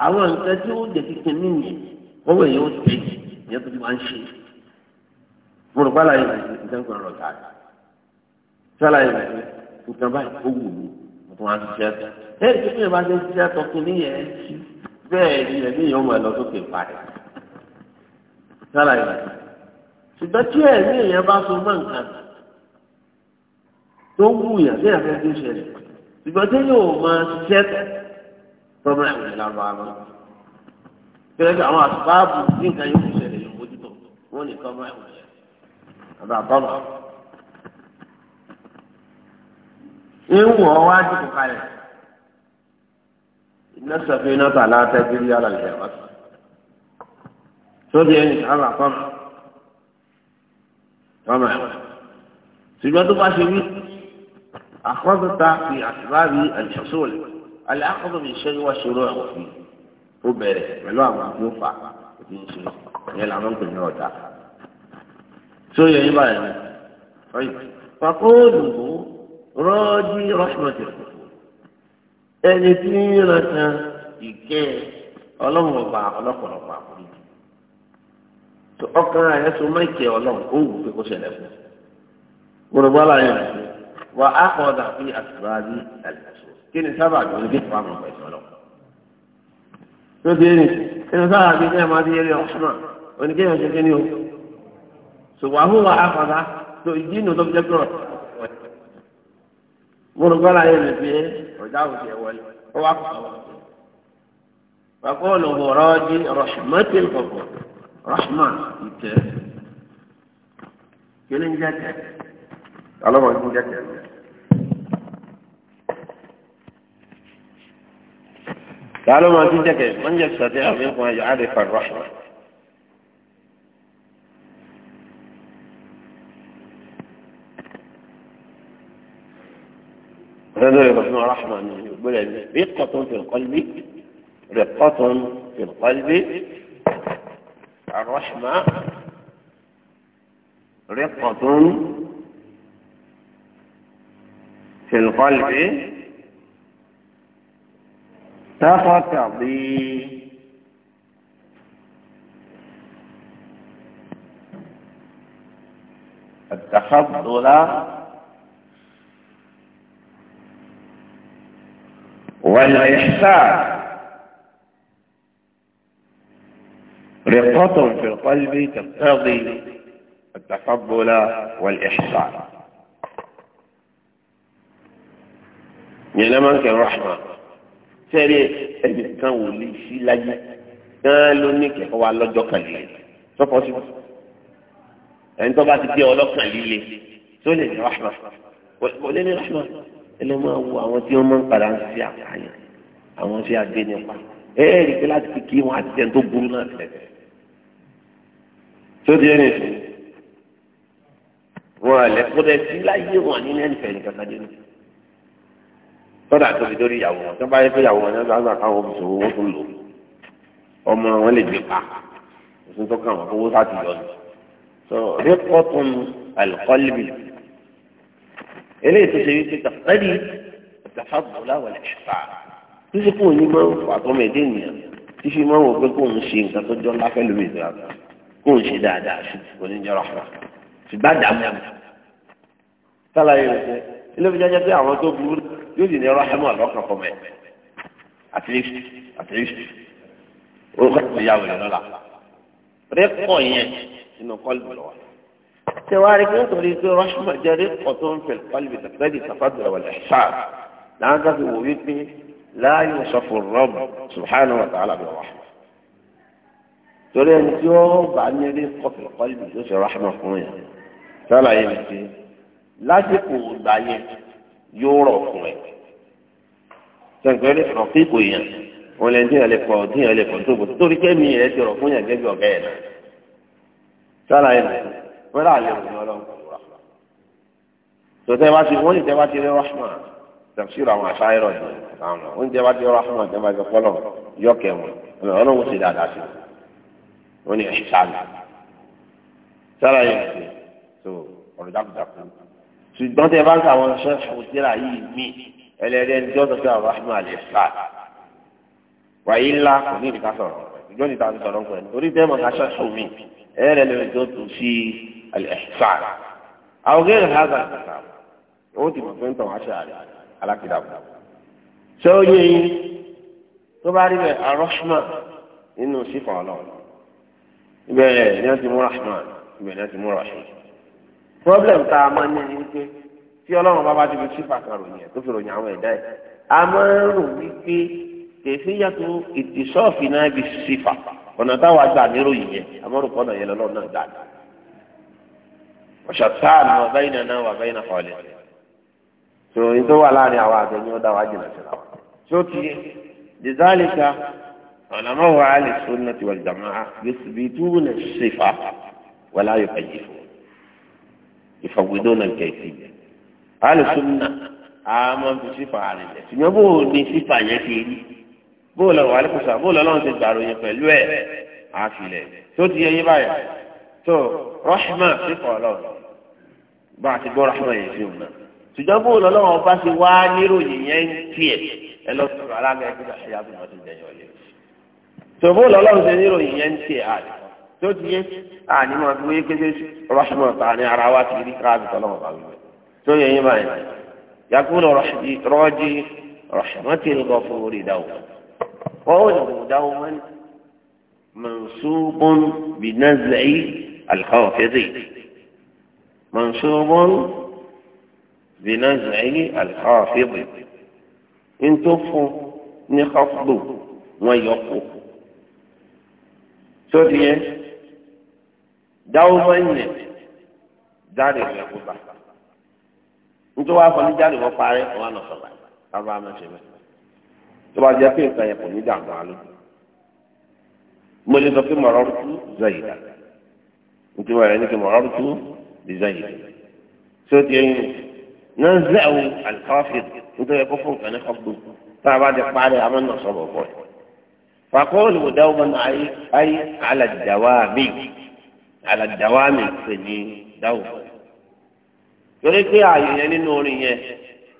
àwọn nǹkan tí ó jẹ́ kíkẹ́ níyì wọ́n wẹ̀ yóò tẹ̀ yẹn tó ti máa ń ṣe mo rò wálá yẹn àti ìdánwò ọ̀rọ̀ tún wá ṣiṣẹ́ tó ẹ̀rí tó yẹ bá ṣe ṣiṣẹ́ tó kí níyẹn ṣí bẹ́ẹ̀ ni ẹ̀mí yẹn wọ̀ ẹ̀ lọ sókè parẹ́ sára yẹn ṣùgbọ́n tí ẹ̀mí yẹn bá so mọ́ nǹkan tó wù yẹn bí ẹ̀fẹ́ tó ṣẹlẹ̀ ṣùgbọ́n tí yóò máa ṣiṣẹ́ tó tọ́mọ ẹ̀mí lára lọ pẹ̀lú àwọn àtúbáàbù ní nǹkan yóò ṣẹlẹ̀ yóò mójútó wọ́n nìkan máa ẹ̀wọ̀n ewu ọ wá dìbò kalẹ̀ iná sọfún iná tó aláàtẹ bírí alàlẹ ọtọ sóde ẹni sábà kọmọ kọmọ ṣùgbọ́n tó bá ṣe wí àkọ́dọ̀ta fi àtìbáàbí àjọṣọ́ọ̀lì alẹ́ àkọ́dọ̀ mi ṣe wá ṣòro ẹ̀wọ̀n fi ó bẹ̀rẹ̀ pẹ̀lú àwọn àbúrò fà òfin ṣe ìyẹn làwọn ń pè ní ọ̀dà sóde ẹni báyìí ọ̀yìn pàkó òdùnkún rọ́ọ̀dì rọ́ṣmọ̀tì ẹni tí ń rántan ìkẹ́ ọlọ́run ọba ọlọ́pọ̀lọpọ̀ àkùrẹ́ tó ọkàn rẹ̀ so má ìkẹ́ ọlọ́run ó wù pé kó ṣẹlẹ̀ fún un gbọdọ̀gbọ́ aláyẹ̀ rẹ̀ wà á kọ́ ọ̀dà fún àtìwájú àlùfáà kí ni sábà jọ ní kíkọ́ àwọn ọ̀pẹ̀ ìṣọ̀lọ́ tó dé ní kí ni sábà bí kí ẹ máa di eré ọ̀ṣunà oníkéyàn ṣe kí ni o ṣùgbọ́n àwọn àkọ́dá tó ìdí ìnù tó fi jẹ́ pé mọlùkọ́lá yẹn lè fi ọjà òkè wọlé ó wá kọ́ ọ. فقوله راجي رحمة الفقر رحمة ìkẹ́ kí ni ń jẹ́ kẹ́ ọlọ́mọ ń jẹ́ kẹ́ تعالوا ما في جكة من يستطيع منكم أن يعرف الرحمة هذا يبقى رحمة رحمة يقول رقة في القلب رقة في القلب الرحمة رقة في القلب بي التفضل والإحسان رقة في القلب تقتضي التفضل والإحسان ينما كان رحمة تري أن كان ولي في لاي قالوا نيك هو على جوكا لي سوفوسي أنت بعد تي أولوكا لي لي سولي رحمة ولي رحمة ẹlẹ́ máa wo àwọn tí wọ́n máa ń padà ń ṣe àkàyàn àwọn ṣe àgbẹ̀ nípa ẹ̀ẹ́dì pé láti fi kí wọn àti ẹni tó burú náà tẹ̀. tó di ẹni sùn wọn àlẹ́ kúndẹ̀ sí láyé wọn ní ẹni fẹ̀yìn kankan dé nìkan tọ́lá tó fi dórí ìyàwó wọn tó bá yẹ pé ìyàwó wọn ní ọgbà káwọn obìnrin wọn tó lò ọmọ wọn lè gbé pa òsùn tó kàn wọn kó wọ́n sá ti yọ ni. sọ rẹ́pọ̀tún alùpàlùbì eléyìí tó ṣe wípé tàbí àtàfàbọlá wọlé ṣùpá títí kò ní máa ń fà tó mẹdé nìyẹn títí máa ń wọ pé kò ń ṣe nǹkan tó jọ ńlá fẹlẹ mi ìtura kò ń ṣe dáadáa ṣùgbọ́n kò ní jọra fún wa ṣùgbọ́n àdàmú sálàyé rẹ ṣe eléyìí jẹjẹ pé àwọn tó burú yóò sì ní ọ̀rọ̀ ẹmọ àlọkàn kọ yẹn nínú kọlù tẹwárí pé nítorí pé rọ́ṣùmọ̀ jẹ́ rí ọ̀tún ń fẹ̀lẹ̀ pálíbi tàbí tàfàdùrà wà lẹ́ṣà láwọn ká fi wò wípé láàyè sọ̀fọ̀ rọ́ọ̀bù subhanahu wa ta'ala bi rahma torí ẹni tí ó bá ní rí kọfẹ̀ pálíbi tó ṣe rahma fún yẹn sálàyé mi pé lásìkò ìgbà yẹn yóò rọ̀ fún ẹ sẹ̀ǹkẹ́rẹ́ ọ̀kíkò yẹn wọn lè dín ẹlẹ́ kọ́ dín ẹlẹ́ kọ́ tó bọ̀ torí kẹ́mi rẹ̀ ti rọ̀ fún yẹn gẹ́gẹ́ ọ̀gá yẹn náà sálàyé mi pé wọ́n rà lè wọ́n lọ́wọ́ kúrò. tòtẹ́ bá ti wọ́n ní tẹ́wá ti rí rahma tafsir àwọn àṣà ẹ̀rọ yìí àwọn ọ̀hún tẹ́wá ti rí rahma tẹ́wá ti pọ́lọ̀ yọkẹ̀ wọn ọlọ́run sì dáadáa sí wọn ní ẹ̀ṣán sára yẹn ti tó ọ̀rọ̀ jákujàku ṣùgbọ́n tẹ́ bá ń sàwọn ṣẹ́fù tíra yìí mí ẹlẹ́rẹ́ ní ọ̀dọ̀ sí àwọn rahma àlẹ́ sáà wàyí ńlá tó tù i. الإحسان أو غير هذا الحساب أنت مفهوم توعشة على كتاب سوي تبارك الرحمة إنه صفة الله ibẹ̀ ni wọ́n ti mú rahman ibẹ̀ ni wọ́n ti mú rahim problem tá a máa ń yẹn wípé tí ọlọ́run bá bá ti fi sífà kan ròyìn ẹ̀ tó fi ròyìn àwọn ẹ̀dá ẹ̀ a máa ń rò wípé kèsì yàtọ̀ ìtìsọ́ọ̀fì náà bí sífà ọ̀nà táwa gbà níròyìn yẹn àmọ́ rò pọ́nà yẹn lọ́lọ́run náà dáadáa ọ̀ṣọ̀tàn ní ọ̀bẹ iná náà ọ̀bẹ iná kọ̀ọ̀lẹ̀ tó ètò wà láàrin àwọn àtẹ̀yìn ọ̀dà wà jìnnà síra wọn. tó ti dìdálìkà ọ̀nàmọ́ wa alẹ́ sunna ti wàlì jàmọ́ a gbèsè bíi túbú náà ṣe fà wàlá yóò fẹ́ jì fún ìfọ̀gbìdó náà kẹ̀sì alẹ́ sunna àmọ́ fi sífà rẹ̀ lẹ̀ ṣùgbọ́n bó o ní sífà yẹn ti rí bó o lọ wà lẹ́kọ̀ọ́sà bó o lọ lọ́run ti gbàrò yẹn pẹ̀lú ẹ̀ àfilẹ̀ tó ti yẹ yín báyà tó rọ́ṣímà sífà ọlọ́run bá a ti gbọ́ rahman yìí sí òun náà ṣùgbọ́n bó lọ́lọ́wọ́ bá ti wá níròyìn yẹn ń tiẹ̀ ẹ lọ sọ̀rọ̀ alága ẹgbẹ́ àṣeyá bí wọ́n ti jẹyọ yẹn tó bó lọ́lọ́wọ́ ṣe níròyìn yẹn ń tiẹ̀ àlè tó ti yẹ àní máa fi wé kéde rahman ta ni ara wa ti rí káàbì tọ́lọ́wọ́ bá wíwẹ̀ tó yẹ yín báyìí yakuna rọ́jì rahmati al-ghafuri dawman منصوب بنزع الحافظ إن تفوا نخفض ويقو سوريا دوما دار الحفظ nítorí wàá fọ ní jáde wọ́n parí wọn lọ sọ̀rọ̀ bàbá àmọ́ ṣe bẹ́ẹ̀ tó bá jẹ́ pé nǹkan yẹn kò ní dààmú àlọ́ mo lè sọ pé mọ̀rọ́ tú zayida nítorí wàá rẹ̀ ní kí mọ̀rọ́ tú لزيد سوت يعني نزعوا الخافض انت يكفون كان يخفضوا فبعد يقبل عملنا صبر فقولوا دوما أي, أي على الدوام على الدوام في دوما تريد يعني نورية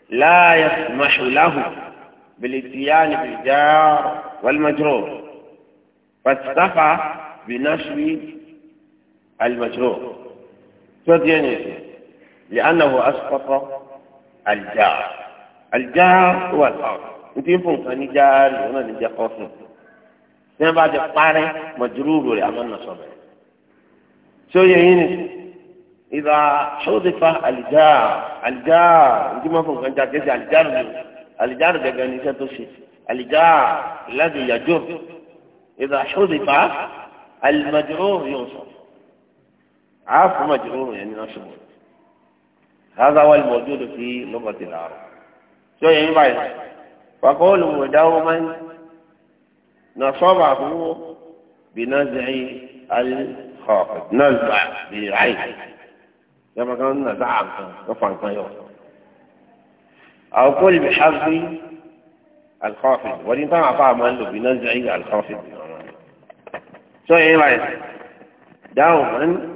لا يسمح له بالاتيان بالجار والمجرور فاستفى بنشر المجرور توديني لأنه أسقط الجار الجار هو الأرض أنت يفهم أن الجار هنا نجا قوسين ثم بعد قارن مجرور لأمن نصبه شو يعني إذا حذف الجار الجار أنت ما فهم أن جار الجار الجار ده كان يسوي الجار الذي يجر إذا حذف المجرور يوصف عفو مجرور يعني نصب هذا هو الموجود في لغة العرب شو يعني بعد فقوله دوما نصبه بنزع الخافض نزع بالعين كما كان نزع رفع الطيور أو قل بحذف الخافض ولن طبعا طبعا له بنزع الخافض شو يعني بعد دوما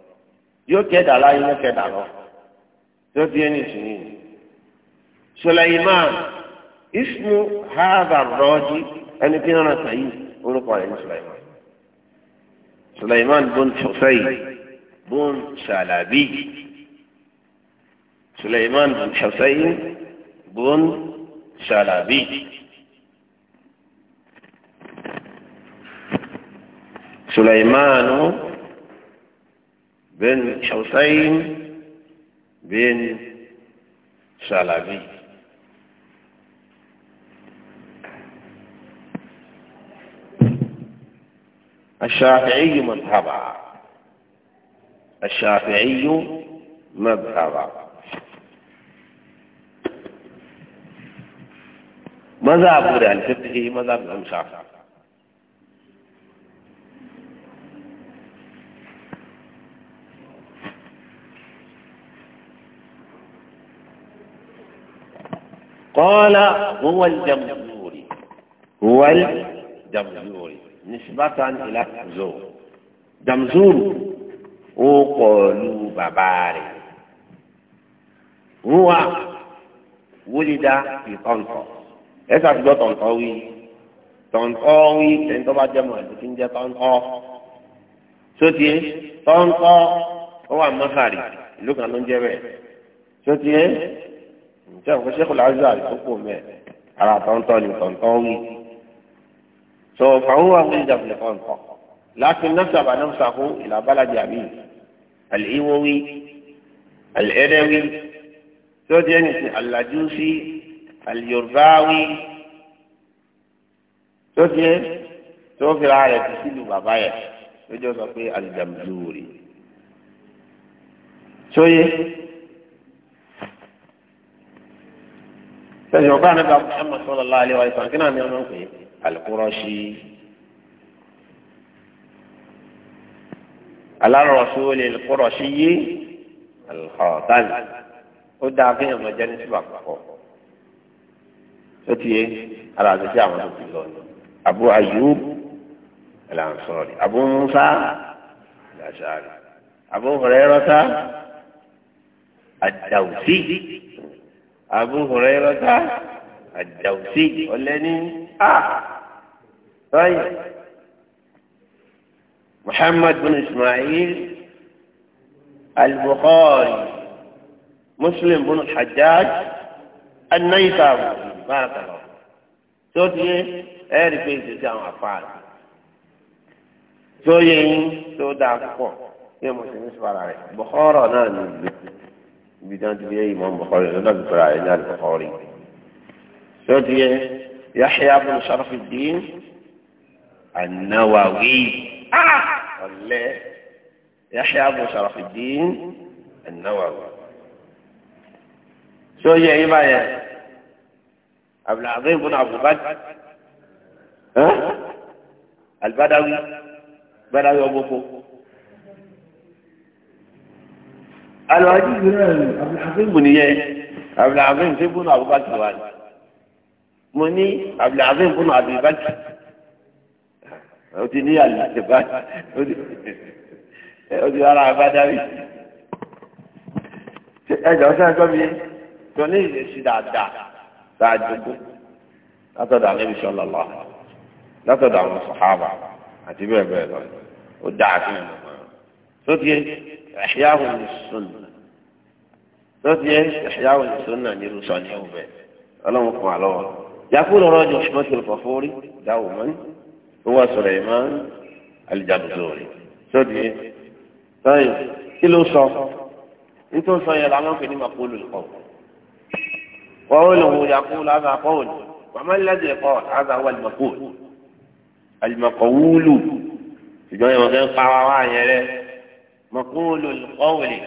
yóò kẹdà láyé yóò kẹdà lọ tó di ẹni sùn yìí Suleiman ismu haza rọjí ẹni tí wọn sọ yìí orúkọ rẹ̀ ní Suleiman Suleiman bun Hussein bun Salabi Suleiman bun Hussein bun Salabi. سليمان بين حسين بين سلبي الشافعي مذهبا الشافعي مذهبا مذهب الفقه مذهب الإمام قال هو الجمهوري هو الجمهوري نسبة إلى زور جمزور وقالوا بباري هو ولد في طنطا ليس عبد طنطاوي طنطاوي لأن طبعا جمع لكن جاء طنطا سوتي طنطا هو مخاري لو كان جبل سوتي ǹjẹ́ òkú ṣẹ́kù láàzọ́ àdìsókò mẹ́ ara tọ́ntọ́ ni tọ̀ntọ́ wù. sọ fàwọn wà fún ìjàpùlẹ̀ kọ̀ǹtọ̀ lákin náà sábà náà sàkó ìlà báladì àbí àlìwọ́wí àlẹ́dẹ́wí tí ó di ẹni sí àlàjúsí àlìyorùbáwí tí ó di ẹ tí ó fi ra rẹ̀ ti sílùú bàbá yẹ lójú sọ pé àlìjàmùdúrì. sóyè. So, yeah. sẹ́yìn ọba nígbà Muhammad sallallahu alaihi wa sallam kí náà ni wọ́n ń pè é Al-Qurashi alárọ̀sọ́lẹ̀ Al-Qurashi yé alùpàtàn ó dáa kéèyàn máa jẹ́ ní síbà pọ̀ ó ti yé ara àti sí àwọn tó ti lọ Abu Ayyub al Abu Musa al Abu Hurairah ad أبو هريرة الدوسي الذي آه طيب محمد بن إسماعيل البخاري مسلم بن الحجاج النيسابوري بارك الله سوتي أعرف إيش جامع فعل سوتي سودا فوق يوم الخميس بارك بخارة نعم ibi tí wọ́n ti ah! yẹ ìmọ̀ bọ̀kọ́rì lọ́dọ̀ bí kọ́ra ẹ̀yìn àlùkọ́rì. tó ti yẹ Yahya bin Sharafudin An-Nawawi ọ̀lẹ́ Yahya bin Sharafudin An-Nawawi. tó yẹ yìí báyẹn Abdulazim bin Abubakar Al-Badawi Badawi ọgbọ́gbọ́. alùpàdé yìí náà abdulhakeem nìyẹn abdulhakeem ṣe bùnú abubakar wa ni mo ní abdulhakeem bùnú abubakar o ti ní àlùbá o ti ara abadawi ẹjọ sẹ́yìn tó mi tó ní ìrẹsì dáadáa dáadógún látọ̀dọ̀ àlẹ́bí sọ́lá lọ látọ̀dọ̀ àwọn sàhábà àti bẹ́ẹ̀ bẹ́ẹ̀ lọ ó dáa fún mi tó tiẹ̀ ìṣìyàwó ìṣúná tó ti yẹ ìṣìyàwó ìṣúná ní irúsọ ní ọbẹ ọlọ́run kan àlọ́wọ́ yakúlù rọ́jò ṣùmọ́tìlù fọ́fọ́rí dáwò mọ́ni owó sọ̀rọ̀ ìmọ̀ alìjàdùsọ̀rì tó ti yẹ sọ́yìn kí ló sọ nítorí sọ yẹn làwọn pè ní màkúlù kọ̀ wọ́n lè wọ yakúlù àgbà kọ́ọ̀lù wàmẹ́lẹ́dì ẹ̀kọ́ àgbà wà lìmọ̀kúlù àlìmọ̀kọ̀wúlù ṣùgbọ́n مقول القول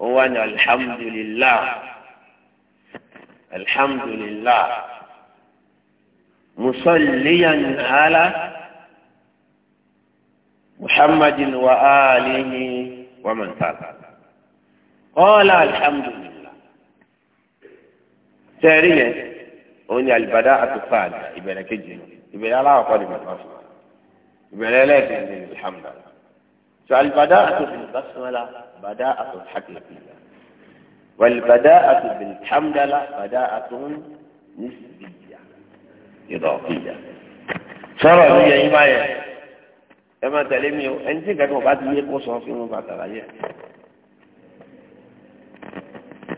هو الحمد لله الحمد لله مصليا على محمد وآله ومن تابع قال الحمد لله ثانيا هنا البداءة الثانية يبقى لك إبن يبقى لا أقول ما تصنع يبقى لا لك الحمد لله فالبداءة بالبسملة بداءة الحكمة والبداءة بالحمدلة بداءة نسبية إضافية شرع لي إيمانيا كما تلمي أنت قد وقت لي قصر في مفاتر عليها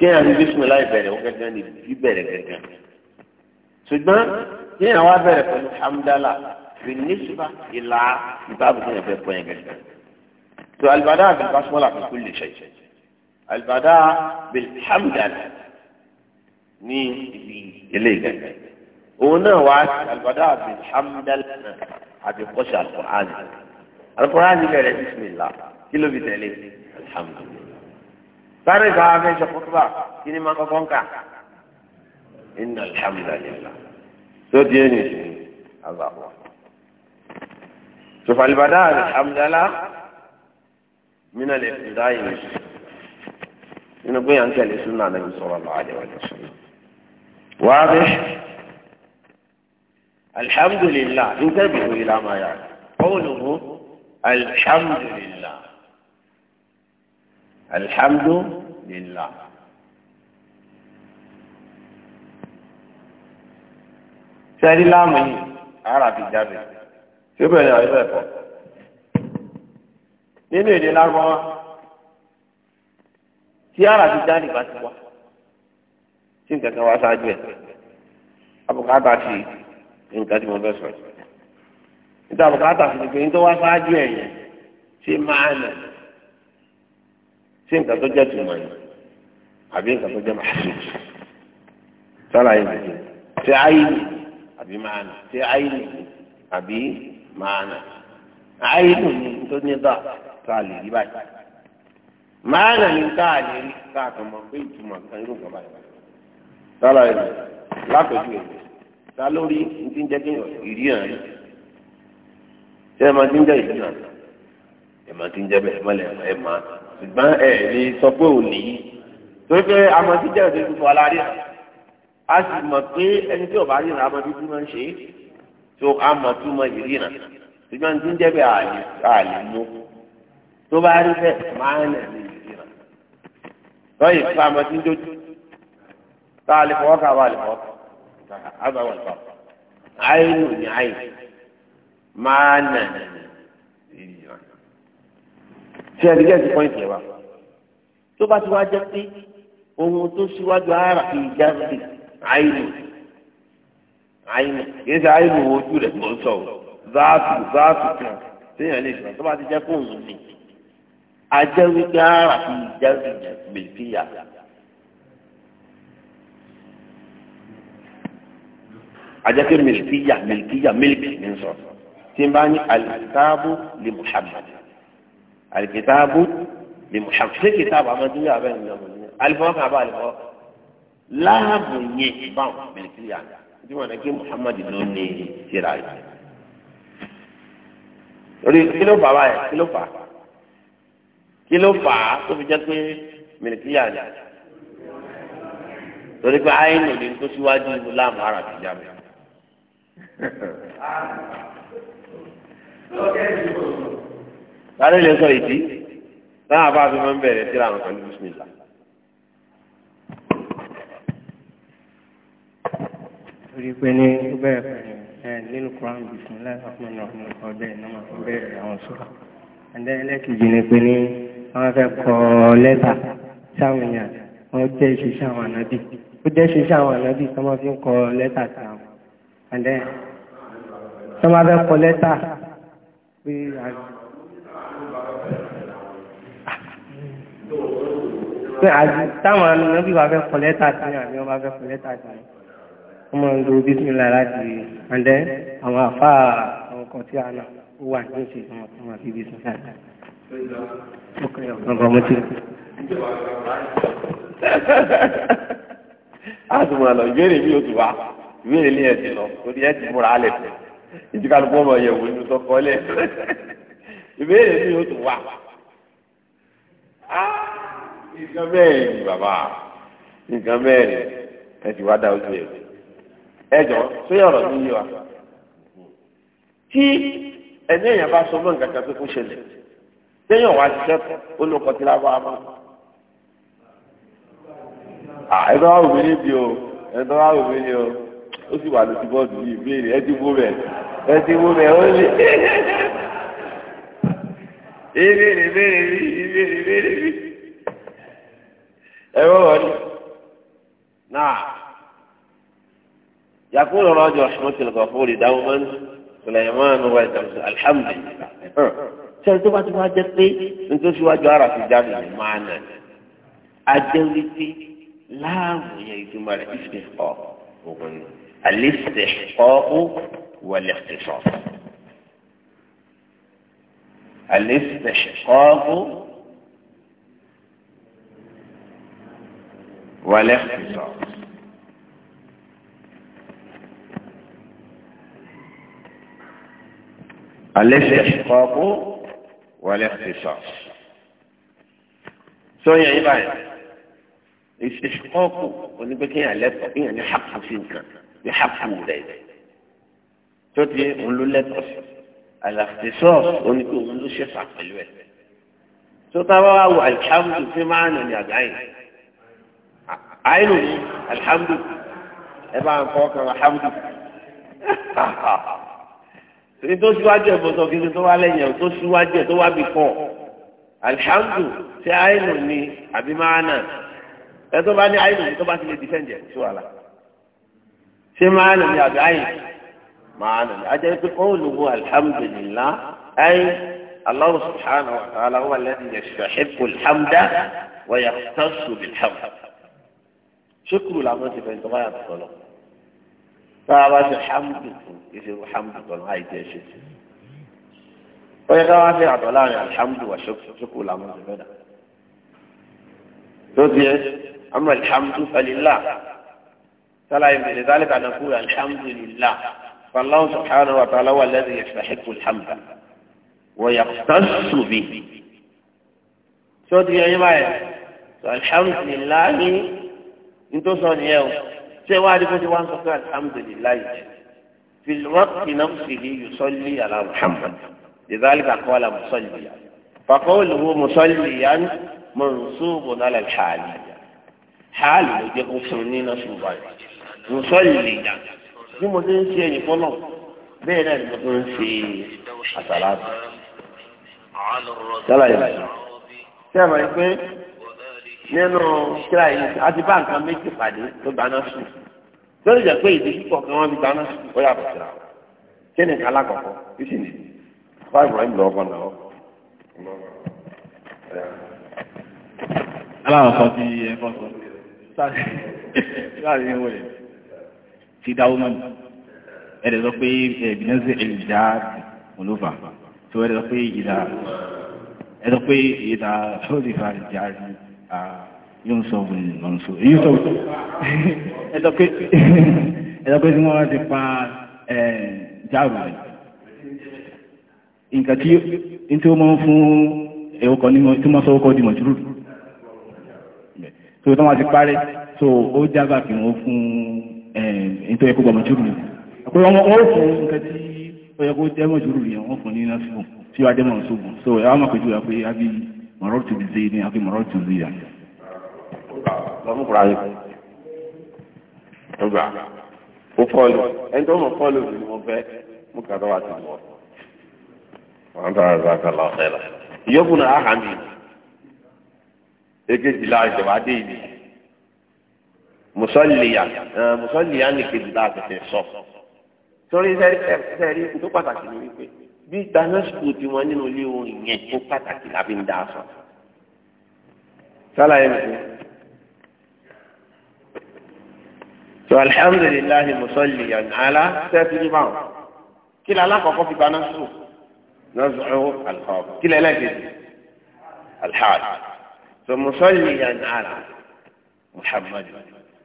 كان في بسم الله يبالي وقت لي يعني يبالي كان سجد ما كان وابالي يعني فالحمدلة بالنسبة إلا كتاب كنا في القوين كشبه البداء بالبسملة في كل شيء البداء بالحمد لله ني اللي قال هنا وعد البداء بالحمد لله هذا قصة القرآن القرآن يقول بسم الله كله بتعليم الحمد لله تاري قاعدة في خطبة كيني ما قفونك إن الحمد لله سوديني الله أكبر شوف البداء بالحمد لله من الابتداء من أبوي أنت السنة النبي صلى الله عليه وسلم واضح الحمد لله انتبهوا إلى ما يعني قوله الحمد لله الحمد لله سأل الله مني عربي جابر سيبني بني عيبه nínú èdè lárúbáwá tí ara ti jáde bá ti wá tí nǹkan kan wá ṣáájú ẹ̀ abùkátà sí nǹkan tí mo fẹ́ sọ yìí níta abùkátà sí ni nítorí wá ṣáájú ẹ̀ yẹn ṣé máa nà ṣé nǹkan tó jẹ́ tùmọ̀ yìí àbí nǹkan tó jẹ́ màá ṣe sálàyé nìyí ṣé ayé nìyí àbí máa nà ṣé ayé nìyí àbí máa nà ayé nìyí tó ní tá a lè rí báyìí máa nà ní tá a lè rí tá a kàn mọ̀ pé ìtumọ̀ kan irú kan báyìí sálà ẹ̀ lápẹ̀jù ẹ̀ ta lórí ní ti ń jẹ́ kéèyàn ìrí hàn rí ṣé ẹ máa ti ń jẹ́ ìrí hàn ẹ máa ti ń jẹ́ bẹ́ẹ̀ mọ́lẹ̀ ẹ máa ṣùgbọ́n ẹ lè sọ pé òun nìyí torí pé àmọ́ ti jẹ́ òṣèlú fún aláàrí hàn a sì mọ̀ pé ẹni tí ò bá ríran àmọ́ dúdú máa ń ṣe é tó àmọ́ tó mọ ìrí hàn ṣùgbọ́n ti ń jẹ́ bẹ́ẹ̀ àlè mú kú tó bá rí bẹ́ẹ̀ máa ń lẹ̀ lè jìrà lọ́yìn fún amọ̀tí dójú tá a lè fọwọ́ ká wà lè fọwọ́ ká àgbà wà lè fọwọ́ àìnù ní àìnù máa ń lẹ̀ lè jìrà tí ẹ dìgẹ́ ti pọ́ìntì ẹ̀ wá tó bá ti wá jẹ́ pé ohun tó síwájú ara ìjáde àìnù àìnù kìí ṣe àìnù ojú rẹ̀ tó ń sọ̀rọ̀ záàtù záàtù kan téèyàn lè jìrà tó bá ti jẹ́ fóònù nìyí. ajẹ́ wípé ara fi jáde gbèsìyà. ajẹ́ pé mìlìkìyà mìlìkìyà mìlìkì ní sọ tí n bá ní alikitaabu li muhammad alikitaabu li muhammad ṣé kitaabu amadu yà bẹ́ẹ̀ ní ọmọ yẹn alifọ́ kan abá alifọ́ láàbù yẹn báwọn mìlìkìyà tí wọ́n ní kí muhammad ló ní tírà yìí. orí kí ló fà wáyé kí ló fà á. kí ló fà á tó fi jẹ́ pé mìlìkíyà ni torí pé àyìnbó ni tó síwájú láàmú ara ti já mi. Sáré lè sọ ìdí náà bá a fi máa ń bẹ̀rẹ̀ síra àwọn kan ní bísímìlá. torí pé ní ó bẹ̀rẹ̀ pẹ̀lú ẹ̀ nínú Quran bisimilá ìfọ̀kùnrin ọ̀hún ọ̀bẹ náà máa ń bẹ̀rẹ̀ àwọn sọ́ra. ẹ̀dá ẹlẹ́kìjì ni pé ní àwọn afẹ́ kọ lẹ́tà sáwọn èèyàn wọ́n jẹ́ ìṣiṣẹ́ àwọn ànábì ó jẹ́ ìṣiṣẹ́ àwọn ànábì tó máa fi ń kọ lẹ́tà sáwọn àdẹ́ tó máa fẹ́ kọ lẹ́tà pé táwọn ànábì wà fẹ́ kọ lẹ́tà sí àbí wọ́n bá fẹ́ kọ lẹ́tà sí ọmọ ìlú bísímìlà láti àdẹ́ àwọn àfáà àwọn kan tí a náà wà ní ìṣèjọba tó máa fi bísímìlà àtùmọ̀ lọ ah, ìbéèrè mi ò tù wá ìbéèrè ilé ẹ̀ ti lọ torí ẹ̀ ti múra alẹ̀ tẹ̀ ìdíkàlùkù ọmọ yẹ̀wò inú sọ́kọ́ lẹ̀ ìbéèrè mi ò tù wá. Ah, nǹkan bẹ́ẹ̀ ni bàbá nǹkan bẹ́ẹ̀ ni ẹ ti wá dá ojú ẹ̀ ẹ jọ sóyè ọ̀rọ̀ mi yé wa tí ẹ̀mí èèyàn bá sọ mọ́ nǹkan kan pé kó ṣẹlẹ̀ téèyàn wá ṣiṣẹ́ olùkọ́ ti lábọ́ àmọ́. ẹ̀dọ́ wa òbí níbi o ẹ̀dọ́ wa òbí ni o ó sì wà lójú bọ́ọ̀dù yìí béèrè ẹ̀dínwó rẹ̀ ẹ̀dínwó rẹ̀ ó lè. ìbéèrè béèrè rí ìbéèrè béèrè rí ẹ̀rọ wọlé náà يقول الراجل رحمة الله غفور دوما سليمان والشمس الحمد لله sẹ́ni tó bá ti wá jẹ́ pé nítorí síwájú ara ti jáde ní máa nà ní. ajẹ́ wípé láàmù yẹn ìtumọ̀ rẹ̀ ìfẹ́ ọ̀ òun ni àlẹ́sẹ̀ ọ̀ ó wọlé o ọ̀gbọ̀n àlẹ́sẹ̀ ọ̀ ó wọlé ẹ̀sọ̀. الاستحقاق والاختصاص سوية عبادة استشقاق ونبكي على لفظ يعني حق فيك بحق مولد تطلع ونقول لفظ الاختصاص ونقول ونقول شفع قلوه تطوى الحمد في معنى يا عين عينه الحمد ابقى فوق الحمد ní tó síwájú ẹ̀ bọ̀sọ̀ kí ní tó wá lẹ́yìn ẹ̀ tó síwájú ẹ̀ tó wá bì kàn alihamdu ṣe àìnù ni àbí máa nà ẹ tó bá ní àìnù ni tó bá ti lè dìfẹ́ǹdì ẹ̀ sí wàhálà ṣé máa nà ni àbí àìnù máa nà ni ajẹ́ pé kó olùwò alihamdulilah ayé aláwọ̀ subhanahu wa ta'ala wà lẹ́yìn ẹ̀ ṣàṣẹ́kù alhamda wà yà sàṣù ṣé kúrò làwọn ti fẹ́ tá a bá ṣe hamdu fún ìṣe hamdu tọ̀nà àìjẹ́ ṣe tì. ó yẹ ká wá ṣe àtọ̀ láàrin alhamdu wa ṣokò làwọn ọ̀sẹ̀ mẹ́ta. tó ti yẹ amú alhamdu falilá sálàyé mẹ́rin dálẹ́ kan náà kúrò alhamdu lilá fàlọ́n subhanahu wa ta'ala wà lẹ́sìn yẹn ṣàṣẹ́kù alhamdu wọ̀ yàtọ̀ sùbí. tó ti yẹ yín báyẹn alhamdu lilá ní nítòsọ̀ nìyẹn o ṣé wàá rí bóde wọn sọ pé alhamdulilayi filiwọ́pì náà fìlì yusọ́lì ala muhammad ìdálẹ́ kàkọ́ ala musọ́lì fàkọ́ọ̀lù wo musọ́lì yan mọ̀nsúbù náà lẹ́xàálì xaálì ló jẹ́ kó fún ní náà musọ́lì yan bí mo ti ń ṣe ẹ̀yìn fọ́nà bẹ́ẹ̀ náà ni ń ṣe àtàlà sálàyé sẹ́wọ̀n pé nínú kíra yìí a ti bá nǹkan méjì pàdé tó gbaná sùn lórí ìjà pé ìdí púpọ̀ kan wọ́n fi gbaná sùn ó yàtọ̀ síra o kí ni kálá kọ̀kọ́ kí sì ni fáwọn ìbùrọ̀yìn lọ ọkọ̀ náà. aláwọ̀ kan ti ẹ̀fọ́ sọ láti ní wọlé ti dáwọ́ mọ́ni ẹ̀rẹ̀ sọ pé ẹ̀bìnẹ́sì ẹ̀lìdá olófà tó ẹ̀rẹ̀ sọ pé ìdá ẹ̀rọ pé ìdá ṣọ́ọ̀dì fà ìdí àárín yóò ń sọ ọ̀gbìn lọ́nṣọ́ èyí sọ ẹ̀sọ́ pé tí wọ́n wá ti pa jáàrù rẹ̀ nǹkan tí ó mọ́ fún ẹ̀ọ́kọ̀ tí wọ́n sọ ọkọ̀ dìmọ̀ jùlù so tó wọ́n ti parẹ́ so ó jágbà kí wọ́n fún ètò ẹ̀kọ́ gbọmọ̀ jùlù pé wọ́n fún nǹkan tí ó yẹ kó jẹ́mọ̀ jùlù yẹn wọ́n fún ní násìkò tí wọ́n jẹ́mọ̀ sógun so ẹ̀wọ́n mọ̀ pẹ̀lú àpé àbí mọ̀rọ̀ tùbí sí ní àbí mọ̀rọ̀ tùbí yàtọ̀ lọ́mú kura yìí ọgbà ó fọ́ọ̀lù ẹni tó mọ̀ fọ́ọ̀lù mi ni mo fẹ́ mú kàtọ́ wa ti wọ̀ wọ́n tọ́ra ẹ̀rọ àkàlà ọ̀fẹ́ la ìyókù náà áhà mi èkejì la ìjọba dé ìdí mùsọ̀lìyà mùsọ̀lìyà ní kejì la tètè sọ torí sẹ́rí tó pàtàkì ni wípé bí ìtànásùkù tiwọn nínú ilé orin yẹn tó pàtàkì lábí ń dá a sọ sálàyé nìkan. tó alihamudulilayi musalli yanala sẹ́ẹ̀tì ní báwọn kí lè alákọ̀ọ́kọ́ fi gbaná sùn nazu'u alhaq kí lè lẹ́gẹ̀dẹ̀ alhaq tó musalli yanala muhammad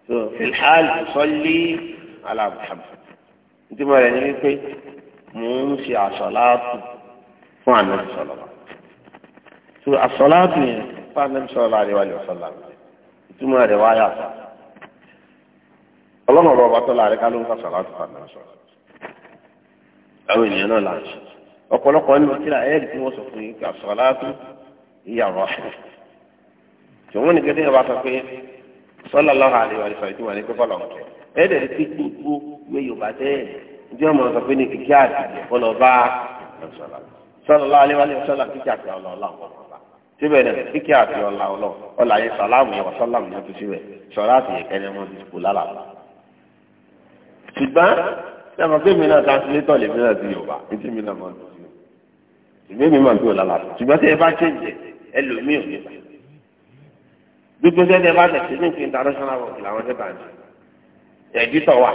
tó filhal musalli ala muhammad nítorí mo rẹ̀ ní wípé mò ń ṣe àṣọláàtù fún ànábì sọlọ́lá tó àṣọláàtù yẹn fún ànábì sọlọ́lá àríwá ìwọ̀sọ̀lá ìtumọ̀ rẹ̀ wáyà sọ̀rọ̀ ọlọ́run ọ̀rọ̀ ọba tọ́lá rẹ̀ ká ló ń fàṣà láti fàdà sọ. àwọn ènìyàn náà láti ọ̀pọ̀lọpọ̀ nínú kíra ẹ̀ẹ́dì tí wọ́n sọ fún yín kí àṣọ aláàtú ìyàwó àṣẹ. tòun ní kẹ́tẹ́ ọba sọ pé sọ́lá lọ́ha àlè wàlẹ̀ sọ̀rọ̀ ìdíwọ̀n ní pé fọ́lọ̀ ọ̀kẹ́. ẹ̀ẹ́dẹ̀ ní pípé gbogbo wé yorùbá tẹ́ ǹjẹ́ ọmọ sọ pé ní kìkì àdìyẹ fọlọ bá sọ́lá alẹ́ wàlẹ̀ àti ọ̀lọ́ ọ̀lọ́ síbẹ̀ yẹn sàlámù yẹn wà sọ́lámù yẹn tó síbẹ̀ sọ̀rọ̀ àti yẹn kẹ́ni ọmọ dìbò lálàá ṣùgbọ́n ṣàmọ̀ pé mi náà translator lè mi náà ti yorùbá etí mi náà máa ń tu ṣùgbọ́n mi máa ń tu ọ̀la làtọ̀ ṣùgbọ́n tí ẹ bá ṣe jẹ ẹlòmíì ò ní bá gbogbo sẹ́ni ẹ bá tẹ̀sí ní ti international work làwọn ṣe bá ń ṣe ẹ̀dítọ̀ wà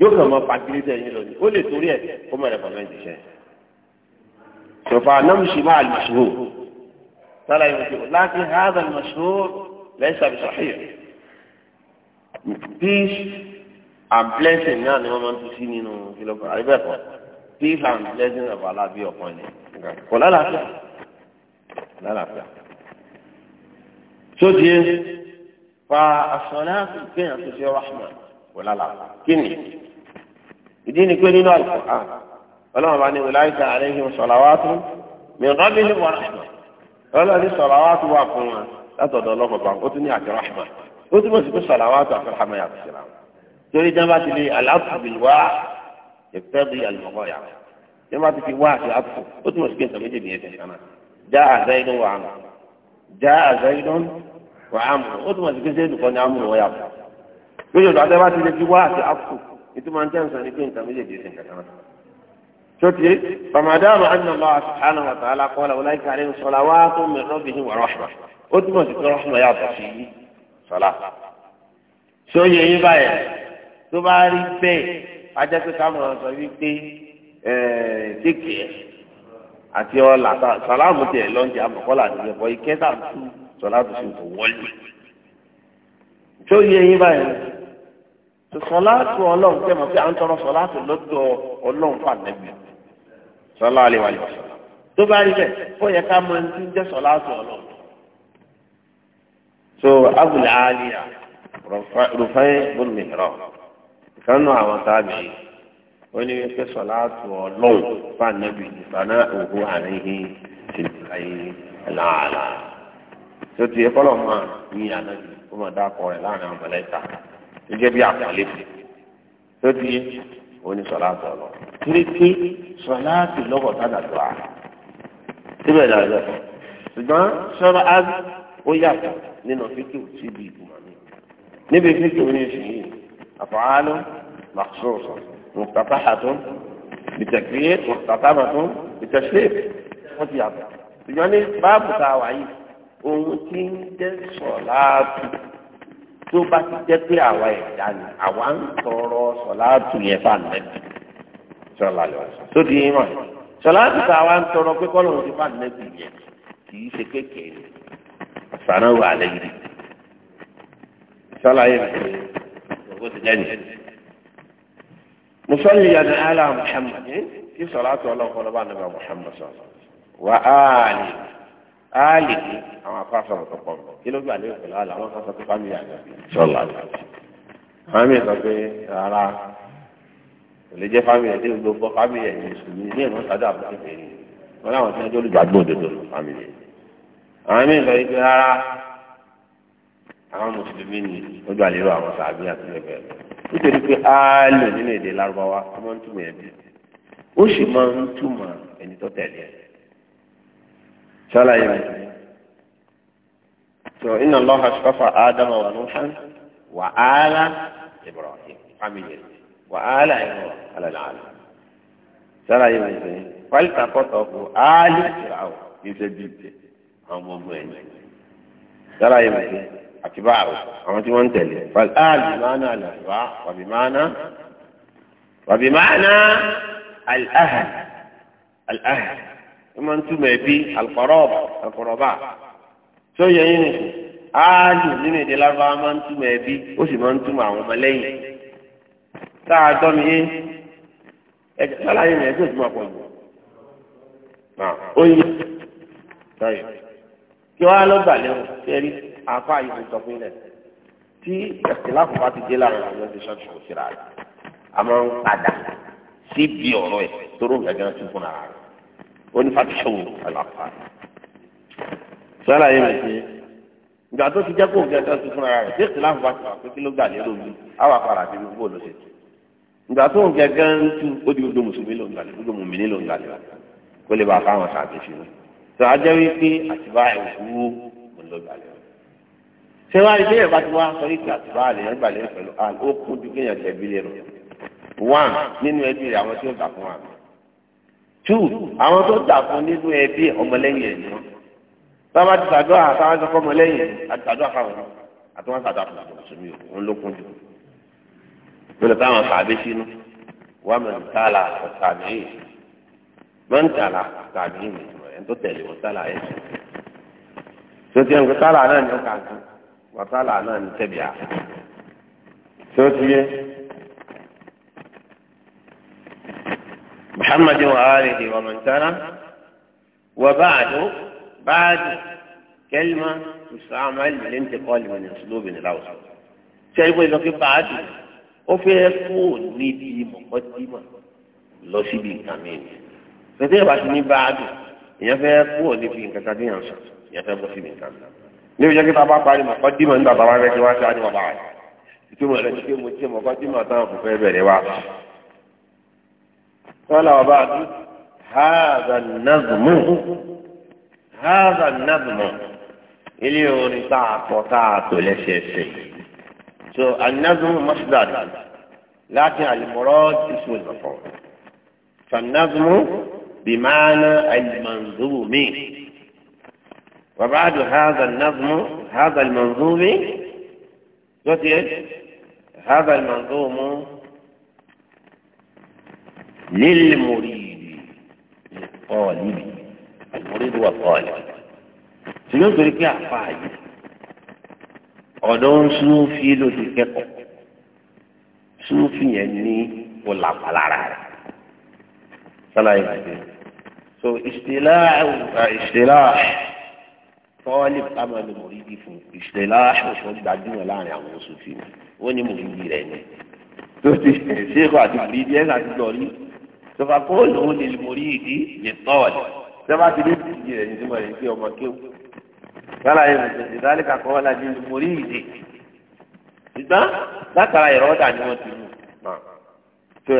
yóò kàn mọ́ pàgírí sẹ́yìn lónìí ó lè torí ẹ̀ kó mọ̀ rẹ̀kọ̀mẹ́ǹdì ṣẹ́ ṣòfà anamṣi máa lù ṣòro sálà yóò ṣe láti hàdà lù ṣòro lẹ́sàbí sọ̀hìn and blessing náà ni wọ́n máa ń tu sí nínú kìlọ́kọ̀ àríbẹ̀kọ̀ peace and blessing of Allah bí ọ̀kan ni kò lálàáfíà lálàáfíà sódì yẹn fa àṣọlá kéèyàn tó ṣe rahma kò lálàáfíà kí ni ìdí ni pé nínú Al-Qur'an ọlọ́run bá ní wùláìka àlẹ́yìn sọ̀làwátú mìíràn bí ní wọ́n rahma ọlọ́run sọ̀làwátú wà fún wa látọ̀dọ̀ ọlọ́kọ̀ọ́ ó tún ní àti rahma ó túmọ̀ sí pé sọ̀làwátú àti rahma yàtọ̀ síra. تري جماعة لي العطف بالواع يقتضي المضايعة جماعة في واع في عطف اتمش كنت من جديد يتحي جاء زيد وعمر جاء زيد وعمر اتمش كنت زيد وقال عمر ويعطف فيجب بعد ما تجد في واح في عطف انتم ان تنسى ان كنت من جديد يتحي شوتي فما دام ان الله سبحانه وتعالى قال اولئك عليهم صلوات من ربهم ورحمه اتمش كنت رحمه يا فيه صلاه سوي يبايع tó bá rí bẹ́ẹ̀ ajá pé ká mọ̀ sọ wípé dékè àti ọ̀là sàlámù tiẹ̀ lọ́njẹ àmọ̀kọ́là àti ẹ̀kọ́ ìkẹ́ta tù sọlá tó ṣe kò wọlé tó yẹ yín báyìí sọláàtù ọlọ́run tẹ́ mọ̀ pé à ń tọrọ sọláàtù lọ́dọ̀ ọlọ́run fún ànábì sọlá àlè wàlè tó bá rí bẹ́ẹ̀ ó yẹ ká mọ ní jẹ́ sọláàtù ọlọ́run. so abul aliya rufai bun mihran kánú àwọn sábì ó ní wípé sọláàtù ọlọ́run fànẹ́bì ìbáná òhu àríhìn ti láyé láàlá tó ti ẹkọlọ máa ní ànábì kó máa dákọ rẹ láàrin àwọn mọlẹta tó jẹ bí àpọlẹ tó ti oní sọláàtù ọlọ́run kíríkí sọláàtù lọ́wọ́ sádàtọ̀ à síbẹ̀ náà lọ ṣùgbọ́n sọ́rọ́ á ó yàtọ̀ nínú fíkì síbi ìgbìmọ̀ mi níbi fíkì oníṣìí yìí. أفعال مخصوصة مفتتحة بتكبير مختتمة بتشريف يعني باب تعويض ohun tí ń jẹ́ sọ̀láàtù tó bá ti jẹ́ pé àwa ẹ̀dá ni àwa ń tọrọ sọ̀láàtù yẹn fà nẹ́bí sọ̀lá lọ tó di ìmọ̀ sọ̀láàtù tá àwa ń tọrọ pé kọ́lọ̀ òun ti fà nẹ́bí yẹn kì í ṣe kékeré sànà wà lẹ́yìn sọ̀lá yẹn kéré bó ti jẹ́ nìyẹn. musalli yàtọ̀ ala muhammad kí sọ̀rọ̀ àti ọlọ́kọ̀ọ́ bá nàbà muhammad sọ̀rọ̀ wà áàlì áàlì ni àwọn afáfà ọ̀tọ̀ pọ̀ kí ló gbà lérò pẹ̀lú àlà àwọn afáfà tó fámìlì àgbà sọ̀rọ̀ àgbà. àwọn mi sọ pé rárá kò lè jẹ́ fámìlì ẹ̀ gbogbo fámìlì ẹ̀ mùsùlùmí ní ìmọ̀ sádà àbúkẹ́ fèrè wọn láwọn tí wọ́n jẹ́ olùgbàgbọ́ òdodo fámìlì àwọn mi sọ pé rárá àwọn mùsùlùmí ni ó gbà lérò àwọn sàbí àti bẹ́ẹ̀ nítorí pé áálò nínú èdè lárúbáwá ó máa ń túmọ̀ ẹbí ó sì máa ń túmọ̀ ẹni tó tẹ̀lé ẹ̀ ṣàlàyé rẹ̀ tó iná lọ́ha ṣọ́fà ádámà wà lóṣán wà áálá Ibrahim fámìlì wà áálá ìmọ̀ alàlàálà ṣàlàyé rẹ̀ sẹ́yìn pálítà kọ́tọ̀ kù áálí ìràwọ̀ ní ọmọ ọmọ ẹ̀yìn ṣàlàyé rẹ̀ sẹ́yìn àti báàrù àwọn tí wọ́n ń tẹ̀lé fàlàbìmánà àlàbà wàbìmánà wàbìmánà àlàhà àlàhà ìmọ̀ ntúmọ̀ ẹbí alqaraba alqaraba tó yẹ yín nìkú áàlù nínú èdè lárúbáwá máa ń túmọ̀ ẹbí ó sì máa ń túmọ̀ àwọn ọmọlẹ́yìn tá a dọ́ mi yé ẹ̀jẹ̀ sálàyé mi ẹ̀jẹ̀ òtún àpọ̀ jù ó yẹ kí wọ́n á lọ gbà lẹ́wọ̀n kẹ́rì àfa yìí sọ fún ilẹ̀ tí ẹ̀sìláàfù bá ti dé láàrin àwọn ẹgbẹ́ ṣọ́ọ̀ṣì kò síra rẹ̀ a máa ń padà síbi ọ̀rọ̀ ẹ̀ tóró gẹ́gẹ́ tó fún ara rẹ̀ ó ní fatiṣẹ́wò àlàfà sálàyé mi ṣe ìgbà tó ti jẹ́ kó gẹ́gẹ́ tó fún ara rẹ̀ tí ẹ̀sìláàfù bá ti wà pé kí ló gbà lérò mi àwọn afárá ti gbogbo ló ṣe ìgbà tó gẹ́gẹ́ ń tú ó di gbogbo mùsùlùmí ló ń gbàlè gbogbo mùmíní ló ń gbàlè kó lè bá a fáwọn sàbẹ̀fì mi tó a jẹ́ wípé àtibá ẹ̀ wú ló gbàlè ṣé wàá rí bẹ́ẹ̀ bá ti wá sọ nípa àtúbà rẹ̀ ẹgbà lẹ́yìn pẹ̀lú àn ó kún ju kéèyàn lẹ́bí lẹ́nu one nínú ẹbí rẹ̀ àwọn tí ó tà fún wa two àwọn tó tà fún nínú ẹbí ọmọlẹ́yìn ẹ̀ ni wọ́n sábà ti sàdọ́ àtàwọn ẹ̀sọ́ ọmọlẹ́yìn àti sàdọ́ àfàwọn àtúwọ́n sàdọ́ àfàwọn mùsùlùmí òun ló kún jù lọ́dọ̀ táwọn sàbẹ̀ sínú wà mọ̀ ntàlà ọ̀tàbí mọ̀ ntàlà ọ̀tàbí mi ẹ̀ ń tó tẹ̀lé wọn tàlà ni ó wàtálà náà ní tẹ̀bíà tí ó ti yé. محمد وآله ومن تلا وبعد بعد كلمة تستعمل للانتقال من أسلوب إلى أسلوب شايفه إذا كيف بعد وفي يكون ندي مقدمة lọ síbi nǹkan mìíràn tètè ìbáṣe ní báàdù ìyẹn fẹ́ kúrò níbi nǹkan kan tí yàn sọ ìyẹn fẹ́ bọ́ síbi nǹkan mìíràn ní ìjọ kí bàbá parí mọ̀ kọ́dímọ̀ nígbà bàbá rẹ̀ kí wá sí àdìmọ̀ báyìí ìtumọ̀ rẹ̀ ni pé mo jẹ́ mọ̀ kọ́dímọ̀ táwọn kò fẹ́ bẹ̀rẹ̀ wá. wọ́n là wọ́n bá a dún haza nazumu haza nazumu ilé orin tá a kọ tá a tò lẹ́sẹẹsẹ so anazumu masdar láti alimọ̀rọ̀ ti sùn lọ́fọ̀ fanazumu bimaana alimanzumi. وبعد هذا النظم هذا المنظوم هذا المنظوم للمريد للطالب المريد والطالب سيون تركي أحفاي أدون سوفي لو تكيكو سوفي يعني ولا فلارا صلاة يبقى so استلاح استلاح tọ́lìf táwọn ẹni mòrídìí fún ìṣẹ̀lẹ̀ láṣọ̀ṣọ́ gbajúmọ̀ láàrin àwọn oṣù fi ni ó ní mòrídìí rẹ̀ ni tó ti ṣèkọ àti mòrídìí ẹ̀ka ti lọ rí tọ́ka kóòlù òun ni mòrídìí lè tọ́ọ̀lì tẹ́fà ti dé ti di rẹ̀ ní sọ́mọ́ rẹ̀ sí ọmọ kéwù yálà yẹn lọ́sẹ̀ ìdálẹ́ kakọ́ wọn láti ní mòrídìí ṣùgbọ́n látara ìrọ́dà ni wọ́n ti mú tó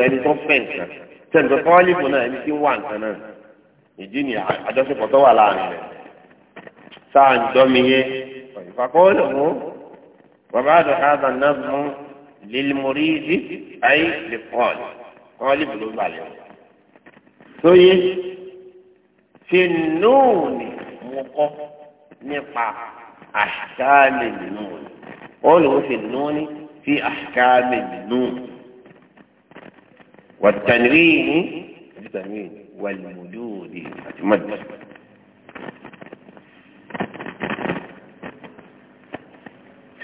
ẹni tó fẹ́ sáà ń gbọ́ mi yé ìfàkọ́lẹ̀ mú bàbá àdó hàdà náà mú lílmórí ìdí ayé lè pọ́ọ̀l kọ́ọ̀lì bùrù balẹ̀ o. sóyè fi nóòní mú kọ́ nípa àṣìkáàlì nóòní wọ́n lòó fi nóòní fi àṣìkáàlì nóòní. والتنوين والمدود أتمدد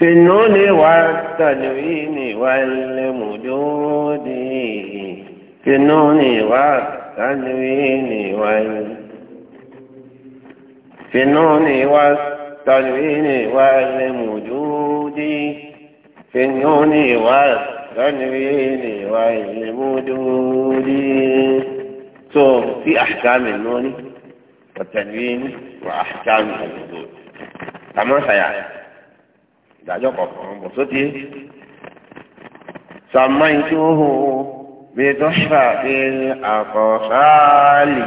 في النون والتنوين والمدود في النون والتنوين وال في النون والتنوين والمدود في النون والتنوين والمدود so, في أحكام النون والتنوين وأحكام المدود تمام سيعرف ìdájọ́ kọ̀ọ̀kan bọ̀ sóti sàmáìtòhò bìtọ́ṣà fi àkọ́sáàlì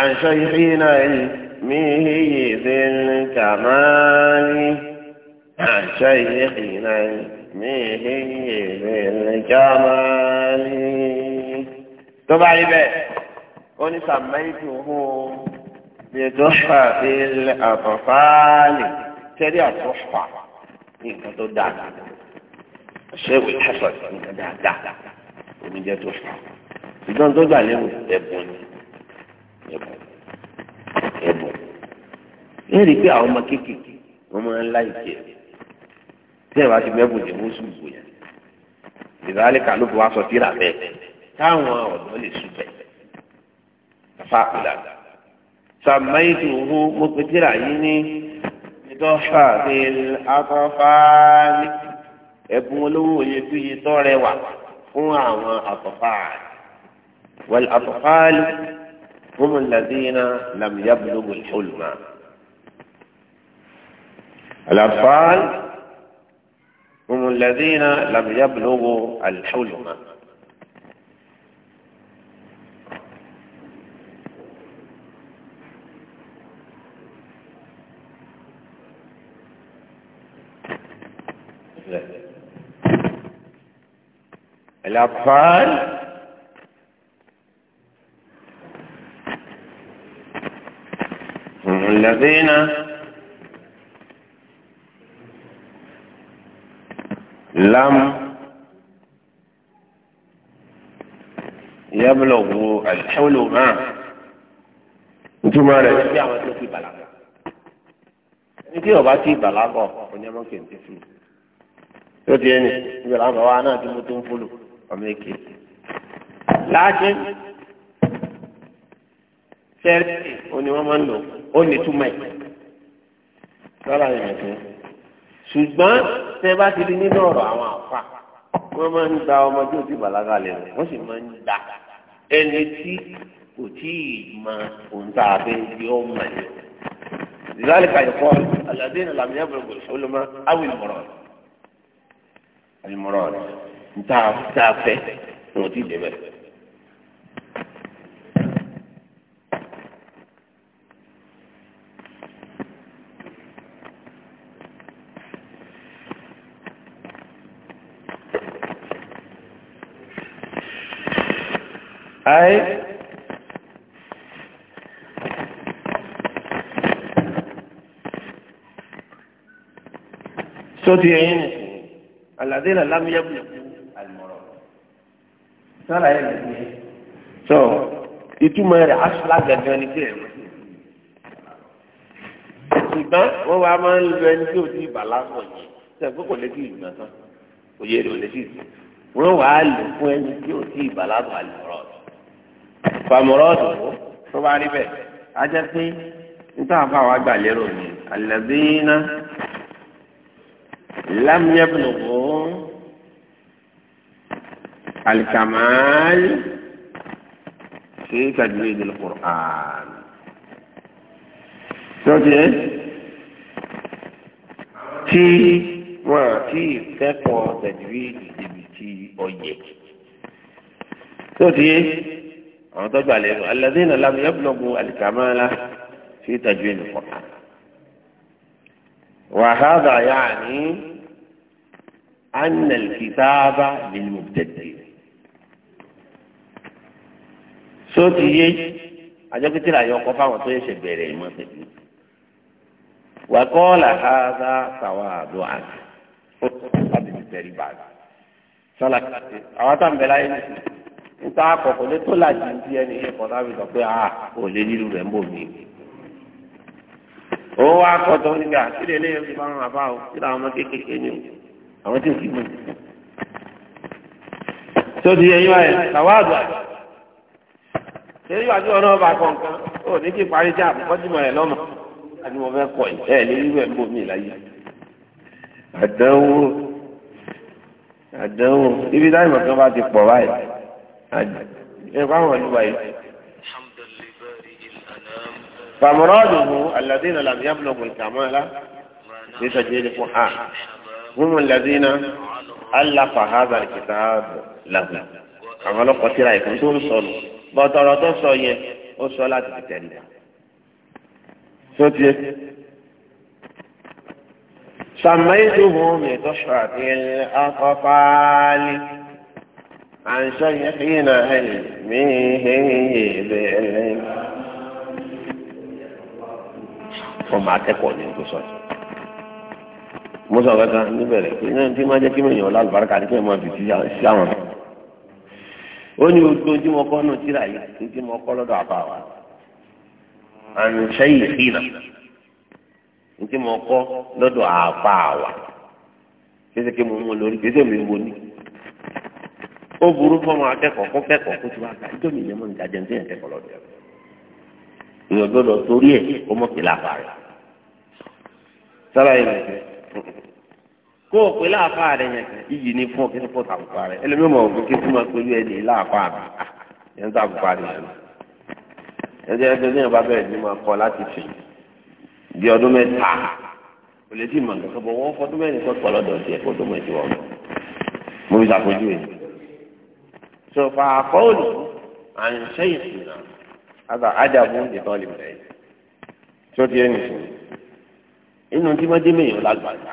àṣọ ìhìnà míhìyè fi kàmáàlì àṣọ ìhìnà míhìyè fi kàmáàlì. tó bá rí bẹ́ẹ̀ ó ní sàmáìtòhò bìtọ́ṣà fi àkọ́sáàlì tẹ́lẹ̀ àtọ́ṣà nǹkan tó dáa ṣẹ́wé hasan nǹkan dáadáa omi jẹ́ tó fún ṣùgbọ́n tó gbà lérò ẹ̀bùn ni ẹ̀bùn ẹ̀bùn ẹ rí i pé àwọn ọmọ kéékèèké wọ́n máa ń láì jẹ tí ẹ̀ bá ti mẹ́bùn ní wọ́n sùn gbòòyà ìdálẹ́ kà ló fi wá sọ síra bẹ́ẹ̀ táwọn ọ̀dọ́ lè sùn bẹ́ẹ̀ káfá àpèlà sàmáyé tó ń mo pe tíra yín ní tọ́fà bí atọ́fààlì ẹ̀bùn olówó iyebíye tó rẹwà fún àwọn atọ́fààlì wal atọ́fààlì hum alladhina lam yablughu al-hulma. al-atfal hum alladhina lam الأطفال هم الذين لم يبلغوا الحلم ثم لا يستطيعوا أن يكون بلاغا ẹni tí ọba ti bàlágọ ọ̀pọ̀ ní ọmọ kẹ̀ǹtẹ́fù ló ti ẹni ìbẹ̀rẹ̀ àwọn náà ti mú tó ń fọlọ́ ọmọ èké láàjẹ sẹẹsì òní wọn máa ń lò ó ní túmọ̀ ẹ lọ́la yẹn fún ṣùgbọ́n tẹ bá ti di nínú ọ̀rọ̀ àwọn àfa wọn máa ń gba ọmọdé òbí bàlágà lẹ wọn sì máa ń gba ẹni tí kò tí ì mọ ohun tá a fẹ́ di ọmọ yẹn lálẹ́ kàyọ̀ kọ́ aládé nàlámìyàbọ̀ gbòòsó ló máa awì mọ̀rọ̀ rẹ̀ awì mọ̀rọ̀ rẹ̀ tá a fẹ́ wọn ti dé bẹ́ẹ̀. أي صوتي عيني الذين لم يبلغوا sọ́la yẹn lè fi yẹn. sọ ìtumọ̀ rẹ̀ aṣọlá gàdán ni bẹ́ẹ̀ wọ́n. ṣùgbọ́n wọ́n wá máa ń lo ẹni tí ò ti bàlá sọ̀ yìí sẹ́kọ̀ kò lè fi ìgbà tán òye rẹ̀ ò lè fi ìgbà wọ́n wà lò fún ẹni tí ò ti bàlá sọ̀ àlùmọ́rọ̀dù. fàmùrọ̀dù tó bá rí bẹ́ẹ̀ á jẹ́ pé níta àfa wa gbà lérò ni àlẹ́bí iná lámúyẹ́bùnú kò الكمال في تجويد القرآن سوتي إيه؟ تي و تي تقوى تجويد دبتي أويك سوتي أعطب عليهم الذين لم يبلغوا الكمال في تجويد القرآن وهذا يعني أن الكتاب للمبتدئين So ti yé àjọpẹ́tì làyọ̀ ọkọ fáwọn tó yẹsẹ̀ bẹ̀rẹ̀ ìmọ̀ tẹ̀lé wà kọ́ làhàdà sàwọn àdó àti ó láti ti tẹ̀rí bàbá sọlá kàtẹ́ àwọn táwọn bẹ̀rẹ̀ ayé nìyí níta àkọ́kọ́ lé tó láti ti ẹni yẹ kọ́ láti sọ pé a ò lé nílùú rẹ̀ ń bò mí. ó wá kọ́tọ́ nígbà sílẹ̀ ilé yẹn fi máa ń rà o sílẹ̀ àwọn ọmọ kéékèèké ni o àwọn tí ò kí mọ̀. tó ti yẹ yín wáyé sàwọn àdó àti ṣèyí wàá tí wọn náà bá kọ nǹkan ó ní kí parí tí àbúkọ́ tí mo lọ́mọ àti mo fẹ́ kọ̀ ẹ̀ ní irú ẹ̀ bómi láyé. àdánwò àdánwò ibi táyì mọ̀tò bá ti pọ̀ báyìí ẹ̀ bá wọn lùwà yìí. فمراده الذين لم يبلغوا الكمال بتجهيل القرآن هم الذين ألف هذا الكتاب لهم àwọn ọlọ́pàá tíra ìkún tó ń sọnù bọ̀tọ̀rọ̀ tó sọ yẹn ó sọ láti fi tẹ̀lé sótìẹ. سميتهم بكشرة الأطفال عن شيخنا علمه بعلم wọ́n máa kẹ́kọ̀ọ́ ní ojú sọ́ọ̀tì musa ọ̀gá níbẹ̀rẹ̀ pé náà tí máa jẹ́ kí mẹ́yìn ọ̀la àlùbáríkà ní kí ẹ̀ máa bìtì sí àwọn ó ní ojú ojú mọ kọ́ nù tíra yìí ojú mọ kọ́ lọ́dọ̀ àbá wa ànṣẹ́ yìí fi nà ojú mọ kọ́ lọ́dọ̀ àbá wa kéṣeké mo mọ lórí kéṣe mi wo ni ó burú fọmọ akẹ́kọ̀ọ́ kó kẹ́kọ̀ọ́ kó ti wá ká ìjọ mi ìyẹn mọ nǹkan jẹun tí yẹn kẹ́kọ̀ọ́ lọ́dọ̀ ìyẹn gbọ́dọ̀ torí ẹ̀ kó mọ̀ kí láfa rẹ̀ sábà yìí lọ sí kó o pè láàfà rẹ yẹn kan iyì ni fún kí n fún tàbùkù rẹ ẹlẹmi mọ òkú kí fún ma pé wíwẹ ní láàfà rẹ ah, yẹn tàbùkù rẹ yẹn ẹjẹ ẹgbẹ ní ọba bẹ́ẹ̀ ni máa kọ láti fi bí ọdún mẹ́ta kò lè ti mọ nǹkan kan bọ wọn fọdún mẹ́rin kọ pọ lọ́dọ̀ tiẹ̀ kó tó mọ ètò ọmọ mo fi ṣàpèjú ẹ so fàákọ òní à ń ṣe ìsìnà àgbà ájàbù ń dìtọ́ lè bẹ̀rẹ̀ tí ti ẹni sùn inú tí wọ́n dé mẹ́yìn lágbàdá.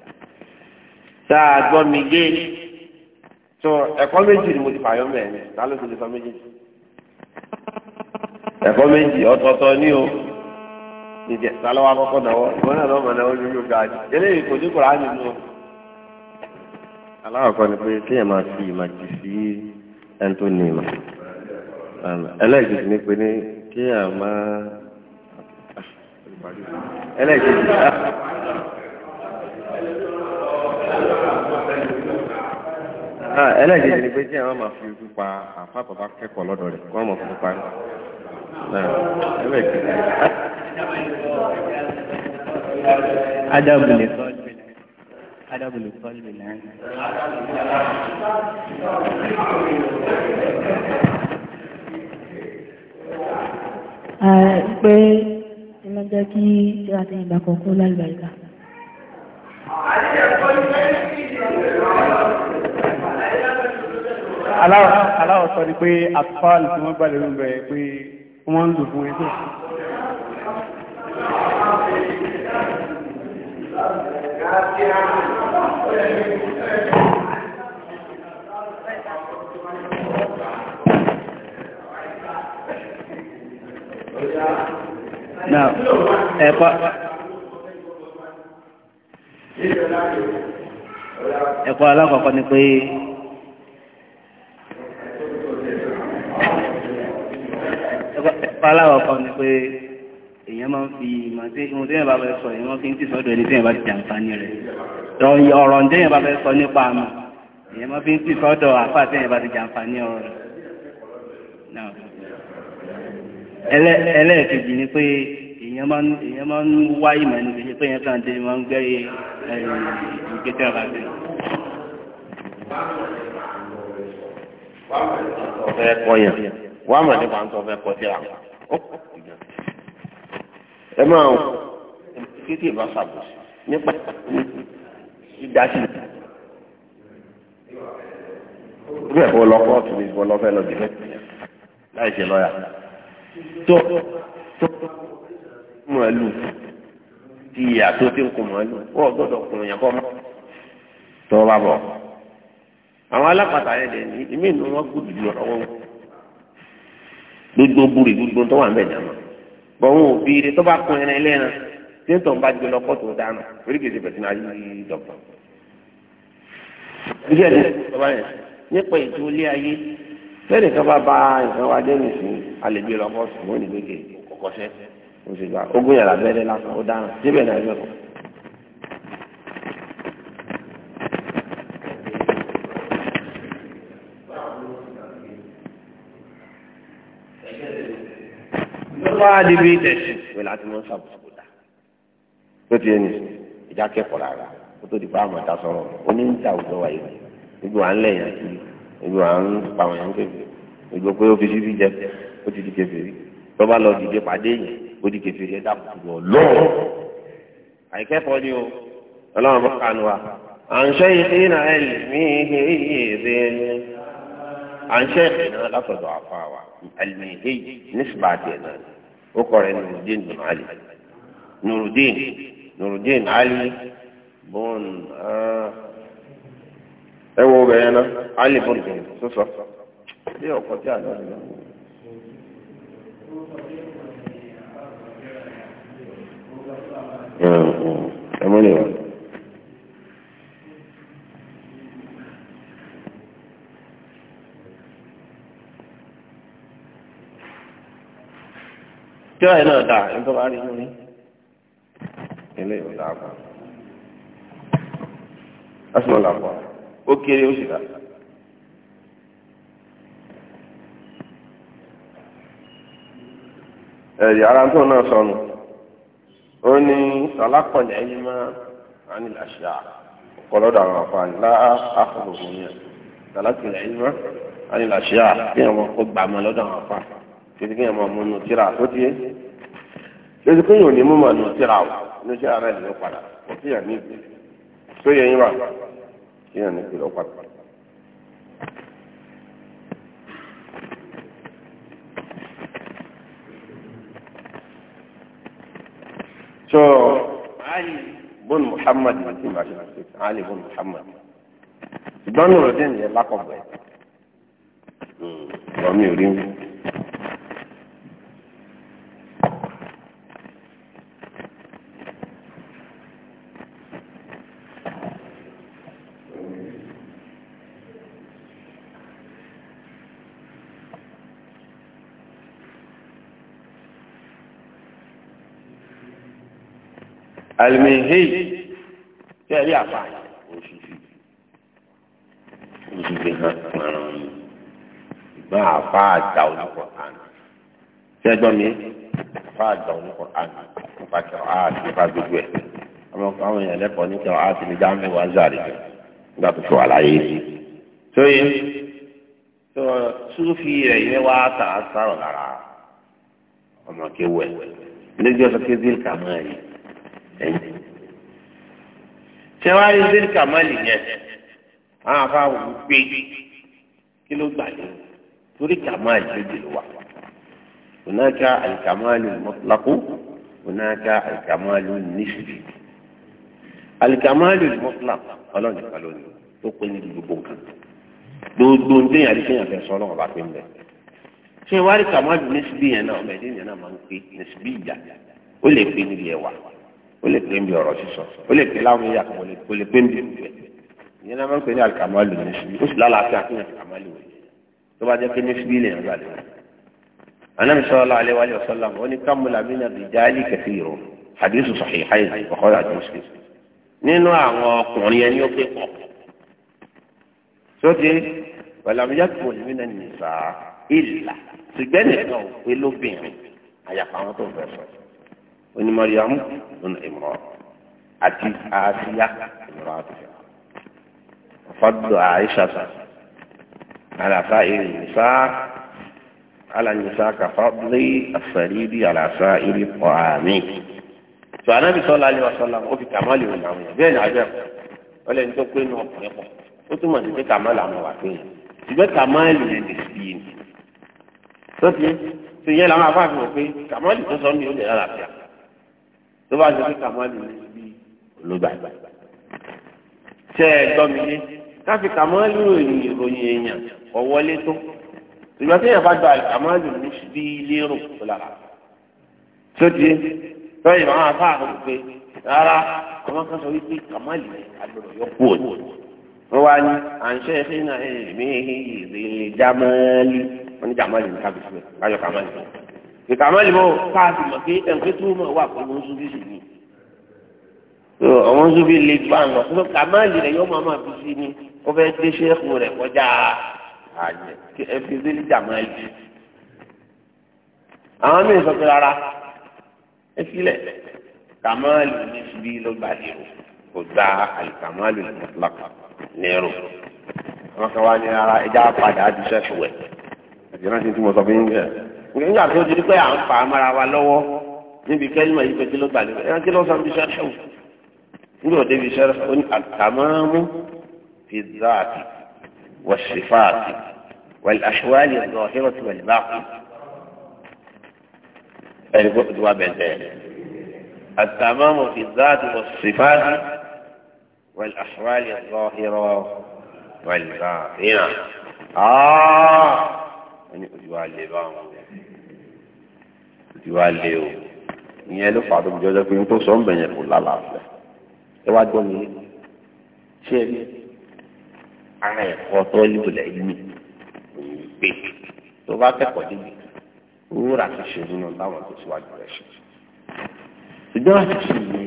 tá gbọ́ mi gé tó ẹ̀kọ́ méjì ni mo ti fàyọ́ lè sọ méjì ẹ̀kọ́ méjì ọ̀tọ̀ọ̀tọ̀ ní o ìjẹ sálọ wa náwó ìwọ náà lọmọ náà ga eléyìí kò ní kura á nínú. aláwọ̀kọ́ ni pé kéèyàn máa fi ìmọ̀ sí ẹni tó ní ìmọ̀ ẹlẹ́ẹ̀kejì ni pé Ah, ẹlẹ́gẹ̀ẹ́ ni pé tí àwọn máa fi pípa àfá bàbá kẹ́kọ̀ọ́ lọ́dọ̀ rẹ̀ kọ́ mọ̀ pípa adábùlẹ̀ adábùlẹ̀ sọ́ọ̀lì náà ah, pé ìlọ́jẹ́ kí tí a ti ìgbà kọ̀ọ̀kọ́ lálùbáyíká. Àyẹ̀kọ́ ìfẹ́ sí ìrìnlẹ̀ aláwọ̀ sọ ni pé àtúfáàlì tí wọ́n gbàlẹ̀ ń bẹ̀rẹ̀ pé wọ́n ń lò fún ẹ̀kọ́ Now, ẹ̀kọ́ ẹ̀kọ́ alákọ̀ọ́kọ́ ni pé ẹ̀kọ́ aláwọ̀kọ́ ni pé èèyàn máa ń fi ìmọ̀ tí ìmọ̀ tí èèyàn bá fẹ́ sọ èèyàn máa fi ń tì sọ́dọ̀ ẹni tí èèyàn bá ti jàǹfààní rẹ̀ ọ̀rọ̀ ǹdẹ́ èèyàn bá fẹ́ sọ nípa àmà èèyàn máa fi ń tì sọ́dọ̀ àfà tí èèyàn bá ti jàǹfààní ọ̀rọ̀ rẹ̀ ẹlẹ́ẹ̀kejì ni pé èèyàn máa ń wá ìmọ̀ ẹni tí pé èèyàn kàn dé máa ń gbẹ́ ìgbésẹ̀ ọ̀rọ̀ àti wàá mọ̀ mọ̀ nípa ń tọ́ fẹ́ kọ́ sí àwọn ẹ máa wọ kéèké bá ṣàbòsí nípa ìdásí. bẹ́ẹ̀ kó lọ kóòtù ní ìbọn lọ́fẹ́ lọ dìbẹ́ láì ṣe lọ́ọ̀yà tó tó mọ̀ ẹ́ lù ti ìyà tó ti ń kó mọ̀ ẹ́ lù wọ́n gbọ́dọ̀ kùn yẹn kọ́ mọ́ tó bá bọ̀ àwọn alápàtà yẹn lè ní ìmí ìnú wọn kú jù wọn gbogbo buri gbogbo tó wà ń bẹ̀ dáná bọ̀wọ́n òbí rẹ tó bá kún ẹran ẹlẹ́ran tí ń tọ̀ ń bá gbé lọ kọ́tù dáná torí kìí ṣe bẹ̀tẹ̀ náà yí dọ̀gbọ̀n. ilé ẹ̀dùn tó bá yẹn nípa ètò ilé ayé fẹ́ẹ̀rẹ̀ kan bá ba nǹkan wa dé nìsín alẹ́gbẹ́ lọ kọ́tù mọ́ ní gbẹ́gẹ́ kọ̀kọ́sẹ́ oṣù yàrá bẹ́ẹ̀rẹ̀ lásán ó dáná síbẹ̀ náà ẹgbẹ́ kan. bá wá débi tẹ̀sí pé láti mọ́ sàbùkù dá tó ti ẹni ìjà kẹ́kọ̀ọ́ rárá kó tó di bá àmọ́ ta sọ̀rọ̀ oní ń ta òjò wáyé ibi wà ń lẹ̀yìn àti ibi wà ń pa àwọn yẹn kébè ibi pé ó fi síbi jẹ ó ti di kèfèrí tó bá lọ dìde pàdé yẹn ó di kèfèrí ẹ̀dá kùtù lọ́ọ̀ àìkẹ́kọ̀ọ́ ni o ọlọ́run bá kanu wa àǹṣe ìṣẹ́yìn náà ẹ̀ lè mí ihe iye ìṣẹ́yìn àǹṣe ìṣẹ́yìn náà látọ̀dọ̀ àfa wa ẹ̀lmí ihe nísìbàdì ẹ̀ náà ó nurudin bin ali nurudin nurudin ali bon ah, ẹ wo bẹ̀rẹ̀ na? ali bon bin sọ́sọ́ bí ọkọ̀ tí a tíra yìí náà dà nítorí wàá rí inú ní ilé ìwé làákọ asùnmọ làákọ ó kéré ó sì dà. ẹ̀rí ara tó náà sọnù ó ní alákọ̀ọ́lẹ̀ ẹ̀yìn máa ń ní àṣà ọ̀pọ̀lọ́dọ̀ àwọn àfààní láà àkọ́kọ́ òun yẹn alákọ̀ọ́lẹ̀ ẹ̀yìn máa ń ní àṣà kí wọ́n kó gbàmọ́ lọ́dọ̀ àwọn àfààní títí kéèyàn máa mú inú tó tiẹ̀ títí kéèyàn ò ní mú màá inú o inú tíra ló padà kò kéèyàn ní ìpìlẹ̀ tó yẹ yín wà kéèyàn ní ìpìlẹ̀ ó padà. so bon muhammad mati mati ali bon muhammad hmm, ṣùgbọ́n mi ò rẹ̀ dẹ́nu yẹn lákọ̀ọ́bẹ̀ ẹ̀ ọ̀rọ̀ ò rí mi. alimihei tí ẹ rí àpá òṣìṣì òṣìṣì hàn pẹ̀rọ ni ìgbà àpá àjà oníkọ̀ àná tí ẹ gbọ́ mi àpá àjà oníkọ̀ àná nípa kẹrọ àti nípa gbogbo ẹ̀ àwọn èèyàn lẹ́kọ̀ọ́ ní kẹrọ àti ní jáàmù wa zàrí nígbà tó fi wà láyé sóyè tó súnfì rẹ̀ yẹn wá tà á sárọ̀ lára ọmọ kéwẹ̀ lójú ọ̀sán kéde kàmáà yìí ṣé wàá rí zéèlì kàmáàlì yẹn àwọn afáwò gbé kí ló gbà lé torí kàmáàlì ló dìlú wa onáka alikàmáàlì mọtòlákó onáka alikàmáàlì nísìbì alikàmáàlì mọtòlákó ọlọ́ọ̀nì kan lónìí tó pé ní gbogbo nǹkan gbogbo ń déyàn àti kéèyàn fẹ́ sọ ọlọ́wọ́n bá pé ń bẹ̀. ṣé wàá rí kàmáàlì nísìbì yẹn náà ọmọ ẹ̀dínlẹ̀ náà máa ń pé nísìbì ìjà ó lè pé níbi ẹ̀wà ó lè pé ń bi ọ̀rọ̀ sísọ ó lè pé láwọn ẹ̀yà kan ó lè pé ń bi ìfẹ́ ìyẹn náà máa ń pè ní alikamalu ní ṣubí ó sì lálàáfíà kí ní alikamalu wò tó bá jẹ́ pé ní ṣubí lè yàn gbàdé wọn. anam sọlá alẹ́ wàlẹ́ ọ̀sọ́lá wọn ní kámúlà mínà bìjálì kẹfì rọ hadithu sahihayn ọ̀kọ́rọ̀ àti muslim nínú àwọn ọkùnrin yẹn ni ó pé pọ̀ sóde wàlàmúyàtò mínà nìsa ìlà ṣùgbẹ́ni náà pé lóbìnrin àyàfà àwọn tó fẹ́ sọ̀rọ̀ oní mariamu oní imran àti àásíyá imran àti fìlà fọdù àìsà sà àlàfà ìrì nìsà alànìsà kàfàdé àfẹríbi àlàfà ìrì pọ̀àmì. tó anábì sọ́lá alẹ́ wa sọ́lá ó fi kàmáàlì òun àwọn èèyàn bẹ́ẹ̀ ni àjọ ẹ̀kọ́ ọlẹ́ni tó pé inú ọkùnrin pọ̀ ó túmọ̀ sí pé kàmáàlì àwọn wà pé yẹn ṣùgbọ́n kàmáàlì yẹn lè fi yìí tó ti ṣe yẹn làwọn afáàfin wò tó bá ṣe pé kàmáàlì ní ibi olùgbàgbà ṣe é gbọ́ mi yé káfí kàmáàlì ròyìn ìròyìn èèyàn ọ̀wọ́lé tó ìgbà tí èèyàn bá gba kàmáàlì ní ibi lérò tó lára tó di lọ́yìn àwọn afáàrò pé rárá àwọn kan sọ wípé kàmáàlì àgbọ̀dọ̀ yọ kú òní wọ́n wá ní à ń ṣe ẹ̀ṣẹ́ náà ẹ̀mí ìrìn jàmáàlì wọ́n ní jàmáàlì ní káfí ìkàmẹ́lì mọ́ káàsì mọ̀ pé ẹ̀ǹkẹ́ tó mọ̀ wà pẹ̀lú oṣù bí sùn ni àwọn oṣù bí lè gbà lọ kàmẹ́lì rẹ̀ yọ máa máa fi sí ni wọ́n fẹ́ dé sẹ́ẹ̀kù rẹ̀ kọjá àjẹ kí ẹ fi dé níjà máa lè. àwọn míì sọ pé rárá ẹ sílẹ̀ kàmẹ́lì ní ibi ló gbà lérò kò gba àlìkàmẹ́lì lọ́kà lérò wọn kàn wá ní ara ẹja padà á ti sẹ́ẹ̀kù rẹ̀ àti nígbà tó di pé à ń fà á mara wa lọ́wọ́ níbi kẹ́límà yìí pé kí ló gbà lé ẹ kí ló sọ bí sẹ́rẹ̀ wò níbi òde bí sẹ́rẹ̀ ó ní àtàmọ́mú fi zaati wà sífààtì wà àṣewálì ọ̀dọ̀ ọ̀hẹ́rọ̀ ti wà nígbà kú. ẹni kó tó wà bẹ̀ àtàmọ́mú fi zaati wà sífààtì ọ̀dọ̀ ọ̀hẹ́rọ̀ wà nígbà kú ti wá lé o ìyẹn ló fà á tó fi jọjọ pé n tó sọ ń bẹ̀yẹn kò lálàáfíà ẹ wá gbọ́ mi ṣé ẹ ara ẹ̀kọ́ tó lùlẹ̀ yìí òun pé tó bá kẹ́kọ̀ọ́ débi wúrà ti ṣe nínú táwọn tó síwájú rẹ̀ ṣe ṣùgbọ́n àṣìṣe yìí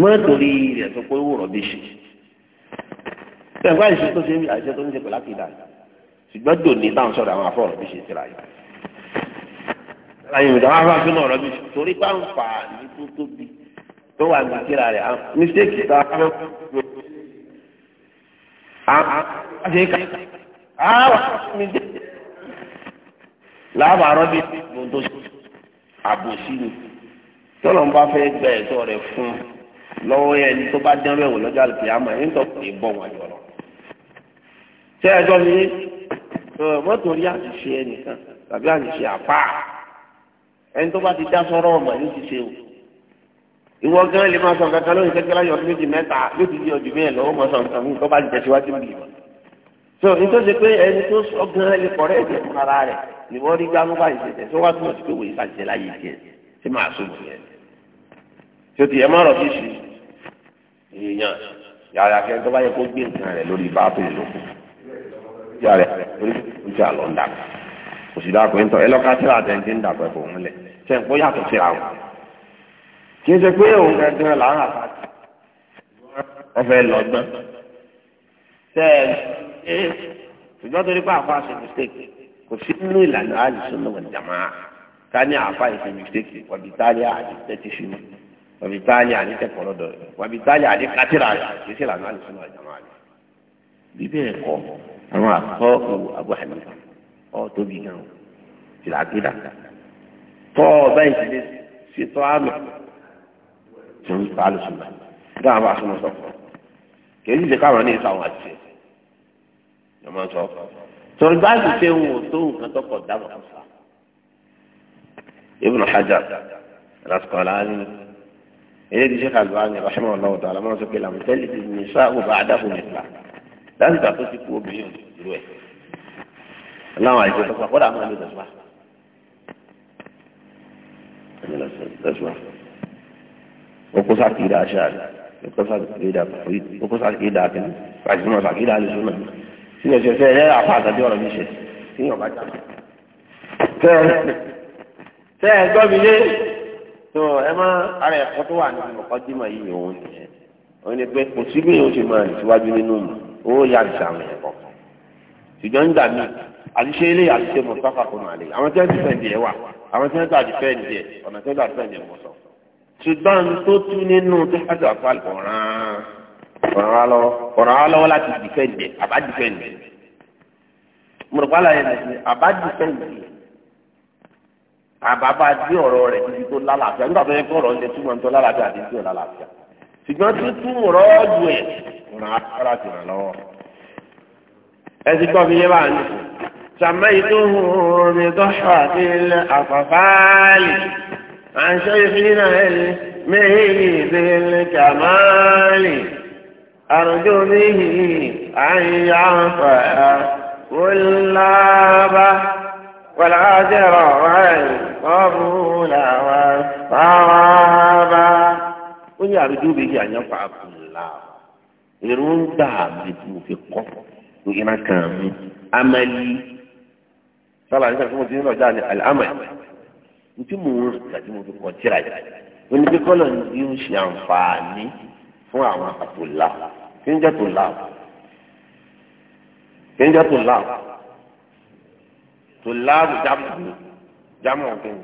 mọ́ torí rẹ̀ tó pé wúrọ̀ bí ṣe tẹ̀gbọ́n àṣìṣe tó ṣe àṣìṣe tó ń ṣe pẹ̀lú àkìdá ṣùgbọ́n dòní táwọn sọ̀rọ̀ àwọn afọ́rọ̀ bí ṣe ti ra ayò ìdáwọ́ afáfin náà rọ́bì torí pé àǹfààní tó tóbi tó wà ní kíra rẹ̀ mistake ta àṣe ká àwọn mistake láàbà rọ́bì ló ń tó àbòsí ni tọ́lọ̀ ń bá fẹ́ gba ẹ̀tọ́ rẹ̀ fún lọ́wọ́ ẹni tó bá dán mẹ́wò lọ́jọ́ àlùkò yà máa ń tọ́kùn lè bọ̀ wọn jọ lọ. ṣé ẹjọ́ mi mọ́tò rí àṣìṣe ẹnìkan tàbí àṣìṣe àpá ẹni tó bá ti dá sọ̀rọ̀ ọmọ yóò ti ṣe o ìwọ gan lè máa sọ kankan lóyún kẹkẹ láyọ ọdún méjì mẹ́ta yóò ti di ọdún mẹ́rin lọ́wọ́ mọ sọ nǹkan fún tó bá ti tẹsíwájú bì í so nítorí pé ẹni tó sọ gan lè kọrẹ ẹsẹ fún ara rẹ ni wọn rí gbá mọba ìṣẹ̀lẹ̀ tó wá túmọ̀ sí pé wòye fàṣẹ láyé tiẹ̀ tí màá so jù yẹn tó ti ẹ má rọ fífi èèyàn yàrá kẹ tó bá yẹ sì dáko ń tọ ẹ lọ́ka tíra àtẹ̀ǹtì ń dàpọ̀ ẹ̀fọ́ òun lẹ̀ ṣe ń kó yàtọ̀ síra o kì í ṣe pé òun gẹ́gẹ́ làárà ọfẹ́ lọ́gbọ́n tẹ́ ẹ ṣùgbọ́n torí pé àfa ṣe mistake kò sí nínú ìlànà àlùsùn náà jàmá ká ní àfa ìṣe mistake wàbí táyà àti tẹ́tí fi mọ́ wàbí táyà àti tẹ́kọ̀ọ́ lọ́dọ̀ rẹ̀ wàbí táyà àti kátìrà rẹ̀ kì í ṣe ìlànà àlùsùn náà jàmá rẹ̀ bíbẹ́ ẹ̀kọ́ àwọn àtọ́ ọ tóbi gan o tìlà àkídà tọ́ ọ báyìí ti lè ṣètò àmì tó ń pa àlùsùnà dáhà bá súnmọ́ sọ fún ọ kì í sì ṣe káwọn ní ìsàwọn àṣìṣe ẹ máa sọ torí báyìí ṣe ń wò tó nǹkan tó kọ̀ dábọ̀ kọ̀ sá Ibn Hajar Al-Asqalani eléyìí ṣe kàlùbá ni rahman allah ta'ala máa sọ pé làmùtẹ́lì ti ní sáà wò bá adáhùn nípa láti gbà tó ti kú obìnrin òdòdó ẹ̀ láwọn àìsàn tó pa kódà àwọn àlejò tó pa oko sa kida ashari oko sa kida tawhid oko sa kida kan fàájì mọ sa kida alùsùnà sínú ẹsẹ fẹ ẹ apá àtàdé ọ̀rọ̀ mi ṣe sínú ọba jà tẹ tẹ ẹ gbọ́ mi lé tó ẹ má ara ẹ̀kọ́ tó wà ní ọkọ dìmọ yìí òun nìyẹn òun ni pé kò sí bí yóò ṣe máa níwájú nínú mi ó yà jàmù ẹ̀kọ́ ṣùgbọ́n nígbà míì àṣìṣe ilé àṣìṣe mọ̀sáfà kò máa lè àwọn tí wọ́n ti fẹ̀ǹdì ẹ̀ wà àwọn tí wọ́n ti fẹ̀ǹdì ẹ̀ ọ̀nà tí wọ́n ti fẹ̀ǹdì ẹ̀ mọ̀ sọ. ṣùgbọ́n tó tú nínú tó ṣáàtì àfàl ọ̀ràn á lọ́wọ́ láti dìfẹ̀ǹdì ẹ̀ àbá dìfẹ̀ǹdì ẹ̀ mọ̀rọ̀pálá yẹn lẹ́sìn àbá dìfẹ̀ǹdì ẹ̀ àbábá dé ọ̀rọ̀ rẹ̀ títí tó lálàáfíà nígbà tó yẹ kó ọ̀rọ̀ ń lè túmọ̀ tó lálàáfíà àti tí ò lálàáfíà ẹtí kọ́ fi yé bá ní. sàmáyé tó hù mí tó ṣàfi àfàfáàlì à ń ṣe ìfínà ẹni méjì ìdílé kàmáàlì àrùjọ méjì àyà fàá wọlábà wàlájẹrọ wáyé wàbúlà wàbá. ó ní àrùjọ méjì àyànfà àbúlà èròǹgbà àbẹ̀bù fi kọ́ pé ìran kan mi amẹ́lí sábà nígbà tí mo ti ń lọ jáde àmẹ́ ní tí mo ń rìn àti mo fi kọ́ tíra yìí ó ní pé kọ́lọ̀ ní ń ṣe àǹfààní fún àwọn àtò là kí ń jẹ́ tó là kí ń jẹ́ tó là tó là jámù jámù ọ̀gbìn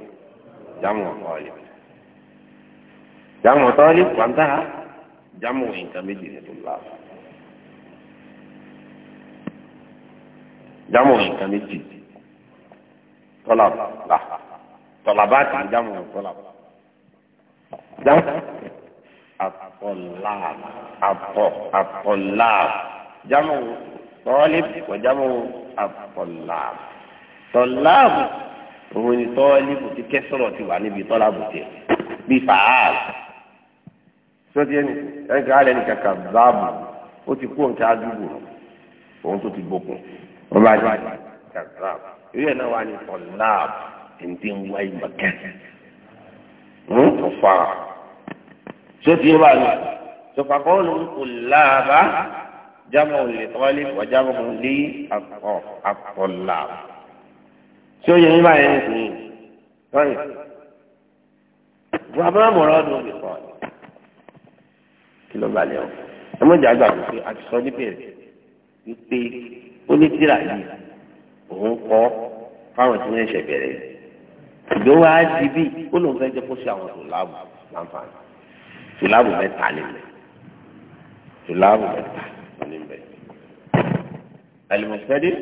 jámù ọ̀gbìn jámù ọ̀tọ́lé wàǹtà jámù nǹkan méjì ní tó là. jámù nǹkan méjì tọ́lá la tọ́lá bá ti jámù tọ́lá jámù àtọ̀lá àtọ̀ àtọ̀lá jámù tọ́lí kò jámù àtọ̀lá tọ́lá òun ni tọ́lí kò ti kẹ́sọ̀rọ̀ ti wà níbi tọ́lá bò tiẹ̀ bí fàáàlì sọ́dí ẹni ẹnìkan alẹ́ nìkan kà báàbù ó ti kó nǹkan àdúgbò òun tó ti gbókun wọ́n bá yẹ kàkàràb ìwé náà wà ní ọ̀làb ẹ̀ǹdí ń wáyé màkà ń kò fà á ṣé tí ó bá lọ sọfà kọ́ ló ń kò láàbà jábọ̀ lè tọ́lé wà jábọ̀ lé àpọ̀ àpọ̀làb ṣé ó yẹ ní báyẹn ní sìn tọ́yì bu abúlámù ọ̀rọ̀ ọdún òbí kọ́ kí ló bá lẹ́wọ̀ ẹ mọ̀ jà gbàgbé pé àti sọ níbẹ̀rẹ̀ wípé ó ní tíra yìí òun kọ́ fáwọn tí wọ́n ṣẹ̀ bẹ̀rẹ̀ ìgbé wa á di bí ó lóun fẹ́ jẹ́ kó ṣe àwọn tòláàbù láǹfààní tòláàbù mẹ́ta nílẹ̀ tòláàbù mẹ́ta nílẹ̀ alimọ̀sẹ́dé.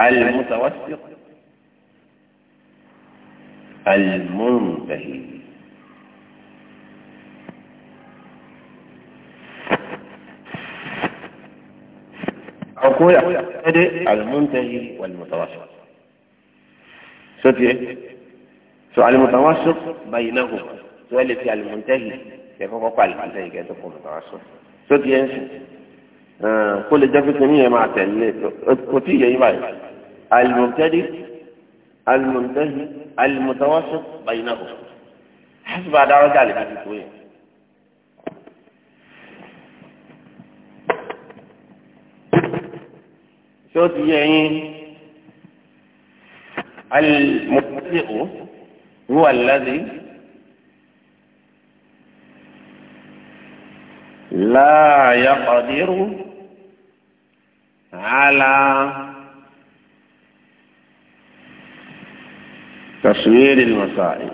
المتوسط المنتهي أكو يقتدئ المنتهي والمتوسط سوتي سؤال المتوسط بينهما سؤال في المنتهي كيف هو قال المنتهي كيف هو متوسط سوتي آه كل ده في الثانية مع تل يا يبقى المبتدئ المنتهي المتوسط بينهما حسب على رجال في التوين شوتي يعين المبتدئ هو الذي لا يقدر على تصوير المسائل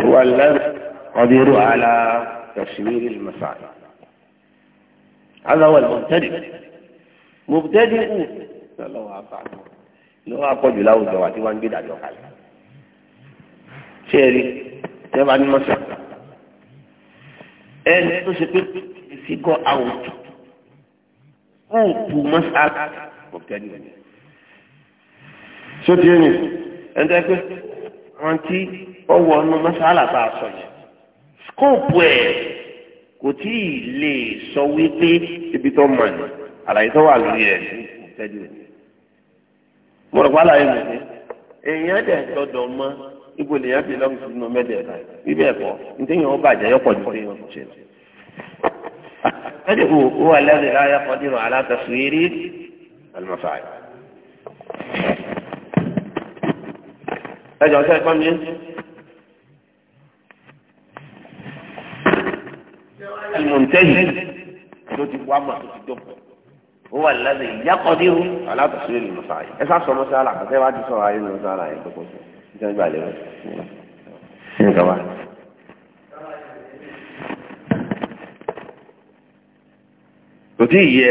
هو الذي قدر على تصوير المسائل هذا هو المبتدئ مبتدئ الله أعطاه ló wá pọ̀jù láwùjọ àti wá ń gbé ìdájọ́ kalẹ̀. ṣé ẹ rí ìjọba ní mọ́sán ẹni tó ṣe pé fígọ́ àwùjọ kóòpù mọ́sán kò tẹ́lẹ̀ ẹ̀ sóti ẹni ẹni tó yẹ pé wọn ti ọwọ́ ọ̀nà mọ́sálà tá a sọ yẹn skóòpù ẹ̀ kò tí ì lè sọ wípé ibi tó mọ̀ ní àlàyé tó wà lórí rẹ̀ ní ìtẹ́jú rẹ̀. mo rò wá láyé mi sí èèyàn dẹ̀ gbọ́dọ̀ mọ ibo lèèyàn fi lọ́mù sínú mẹ́tẹ̀ẹ̀ta bíbẹ̀ ẹ̀kọ́ nítorí wọn bàjẹ́ yọpọ̀ ju pé wọn ṣe lọ. ẹ̀dẹ̀ wo wà lẹ́rìí láyà fọdínà aláṣẹ eré àlùmọ̀fà. ẹ̀jọ̀ sẹ́kọ̀ọ́ mi. mùtẹ́yì tó ti wá mọ̀ tó ti dọ̀pọ̀ ó wà lẹ́sẹ̀ ìyákọ̀dé o alátọ̀sílẹ̀ lè lọ sáàyè ẹ sáà sọmọ sáàlà àti ẹwà ti sọ̀rọ̀ ayé lọ sáàlà yẹn gbogbo sí i nítorí gbà lérò sí nǹkan wa. kò yẹ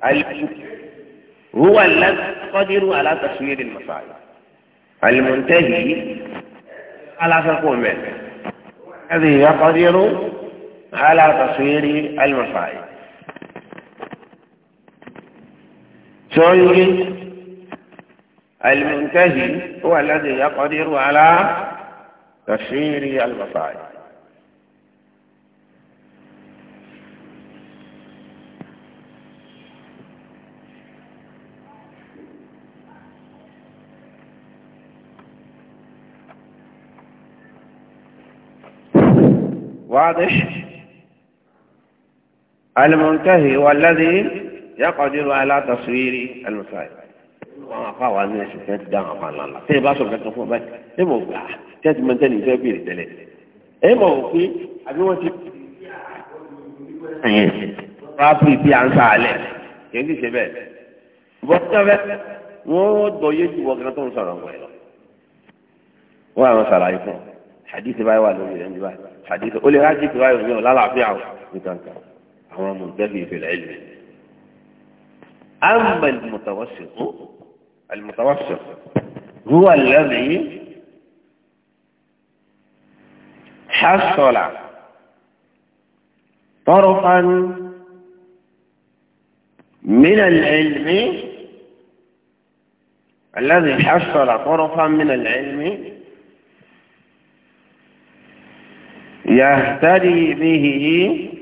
alimu ó wà lẹ́sẹ̀ ìyákọ̀dé o alátọ̀sílẹ̀ lè lọ sáàyè alimọ̀ntẹ́yì alásọ̀kọ̀ mẹ́rin ẹ̀sìn ìyákọ̀dé o. على تصوير المصائب ثلج المنتهي هو الذي يقدر على تصوير المصائب واضح المنتهي والذي يقدر على تصوير المسائل wọn afa wa ní ẹsẹ fẹẹ dáhùn afa ńlá ńlá tẹ́lẹ̀ bá sọ fẹẹ tó fún ọ báyìí ẹ mọ gbà tẹ́lẹ̀ tí mo ń tẹ́lẹ̀ ìfẹ́ bèrè tẹ́lẹ̀ ẹ mọ òkú àbí wọn ti. rápì bí à ń sá alẹ kì í ti ṣe bẹ́ẹ̀ bọ́tẹ́ bẹ́ẹ̀ wọ́n gbọ́ yé ju wọ́n kan tó ń sọ̀rọ̀ ńgbọ́ ẹ lọ. wọ́n àwọn sàlàyé fún hadith báyìí wà lórí rẹ̀ ń bí báyìí hadith هو منتهي في العلم أما المتوسط المتوسط هو الذي حصل طرفا من العلم الذي حصل طرفا من العلم يهتدي به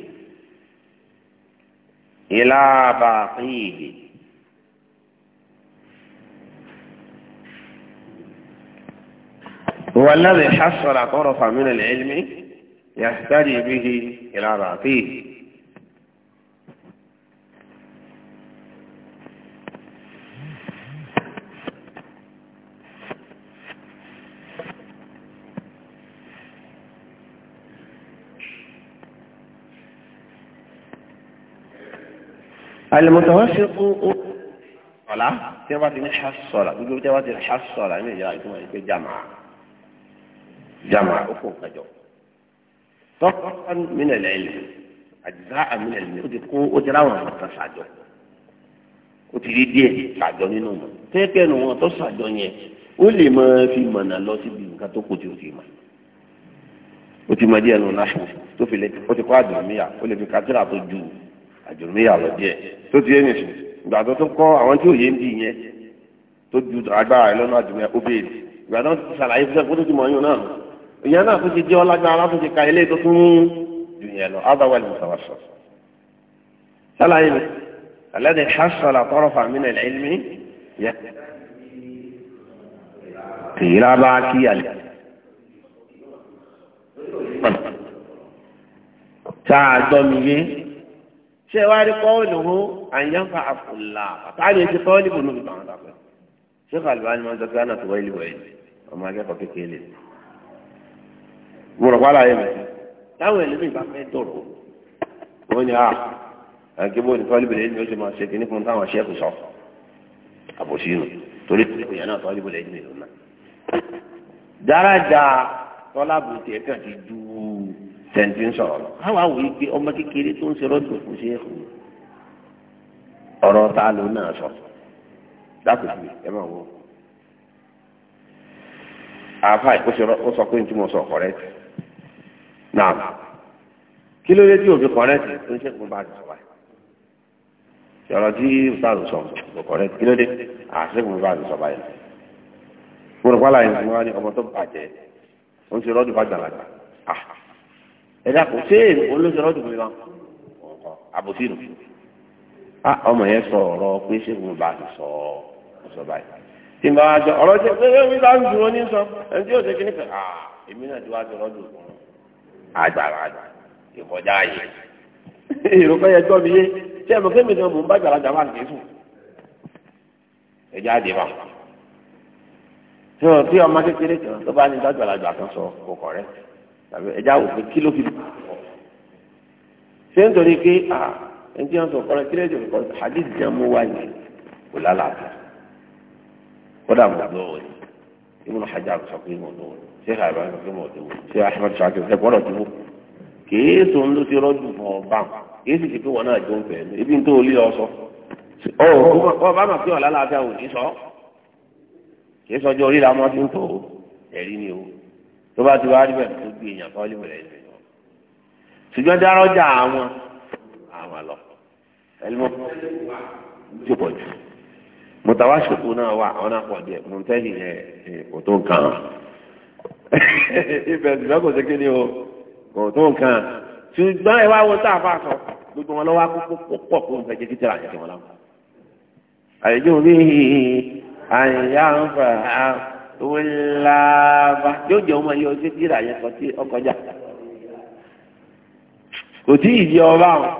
إلى باقيه هو الذي حصل طرفا من العلم يهتدي به إلى باقيه alimọtọwọsifu ọlá tí wọn bá ti ní ṣàṣọlá gbogbo tí wọn bá ti ní ṣàṣọlá ní ìyára ìtumọ̀ ìpè jama jama ó kò kájọ tọkàn mílẹlẹ ilẹ àdìsá àmìlẹlẹ ilẹ ó ti kó ó ti ráwọn àwọn kan ṣàjọ ó ti rí díẹ̀ ṣàjọ nínú wọn tẹ́ẹ̀kẹ́ nu wọn tó ṣàjọ àjùmíyà lọ díẹ̀ tó ti yé nìsín ìgbà tó tún kọ́ àwọn tí òye ń bì yẹn tó ju agbára rẹ lọ́nà àjùmíyà ó béèrè ìgbà tó ti ṣàlàyé fún ẹgbẹ́ tó ti mọ̀ yín náà ìyẹn náà tó ti jẹ́ ọlágbára tó ti ka ilé tó tún jù yẹn lọ ábáwá ni sọ. sálàyé alẹ́ hasala tọrọ fàmílẹ̀ ẹ̀mí yẹ kìlá bá kí àlẹ́. tá gbọ́ mi yé ṣe wá rí kọ́ọ̀lù hó àyànfà àfùlà àtàlù ètò kọ́ọ̀lù bò níbi tàwọn tàpẹ́ ṣé kàlùbá ni wọ́n sọ́kẹ́ àná tó wáyé wáyé ọmọ akẹ́kọ̀ọ́ kékeré mo rọ̀ pálá yẹn mẹ́tẹ́ táwọn ẹlẹ́mìí bá fẹ́ dọ̀rọ̀ wọ́n ní à àgbébó ní tọ́líbù lẹ́yìn ló ṣe máa ṣe kíní fún táwọn ṣẹ́kù sọ àbòsí tẹ̀ǹtì sọ̀rọ̀ lọ. àwọn àwòye ọmọ kékeré tó ń se rọ́dùn fún ṣe é ọ̀rọ̀ ta ló náà sọ dákùnrin ẹ máa wọ. àáfà ó sọ pé ntí mo sọ kọ̀rẹ́tì náà kí ló dé tí òfin kọ̀rẹ́tì tó ń ṣẹ́kùn bá ti sọ wáyé tí sọ kí ló dé ẹ̀dá kò séèrè olóṣèlú ọdún mi bá àbòsí nù. a ọmọ yẹn sọ ọ̀rọ̀ pé ṣé mo bá ti sọ ọ sọ báyìí. tí n bá wá jọ ọ̀rọ̀ ṣe pé mi bá ń dùn ó ní sọ ẹni tí yóò ṣe kí ní fẹ́ ah èmi náà ti wá jọ ọdún kan agbára ìkọjá ayé. èrò kan yẹ mi yé ṣé ẹ mọ̀ kémi náà mò ń bá gbàlagbà wà ní sùn. ẹ jáde bá tí ọmọ kékeré kan tó bá ní gbàgbàlagbà kan tàbí ẹja wò pé kí ló fi dùn ṣé nítorí pé à ẹni tí wọn sọ kọrin kí lẹ́jọ́ kọ hadith jẹ́ mú wáyé kò lálàáfíà kódà mo dùn òní ibùdó hajj àti sọ pé mo dùn òní ṣé àìbá sọ pé mo dùn òní ṣé ahmed shaki ṣe gbọ́dọ̀ tó wò kìí sọ ń ló ti rọ́jù fún ọ bá sì ti pé wọn náà jọ ń fẹ́ ibi tó lé ọ sọ ọ bá mà pé ọ̀làlàáfíà ò ní tó bá ti wá rí bẹ́ẹ̀ tó gbé èèyàn kan lè wẹ̀rẹ̀ ìlú wọn. ṣùgbọ́n dárọ́jà àwọn àwọn lọ ẹlẹ́mọ̀ tó pọ̀ jù mọ̀tàwá ṣòfò náà wà àwọn náà pọ̀ díẹ̀ mọ̀ tẹ́lẹ̀ yẹn kò tó nǹkan ibẹ̀ ṣùgbọ́n kò sí kí o kò tó nǹkan ṣùgbọ́n ẹ wá wo tá a fà sọ gbogbo wọn lọ́wọ́ akókó pọ̀ kó nǹkan jẹ́ kíkẹ́rẹ́ àyẹ̀kẹ́ wọn láwọn wíláàbà yóò jẹ́ ọmọ yìí ọtí tíra yẹn kọ sí ọkọjà kò tí ì di ọba o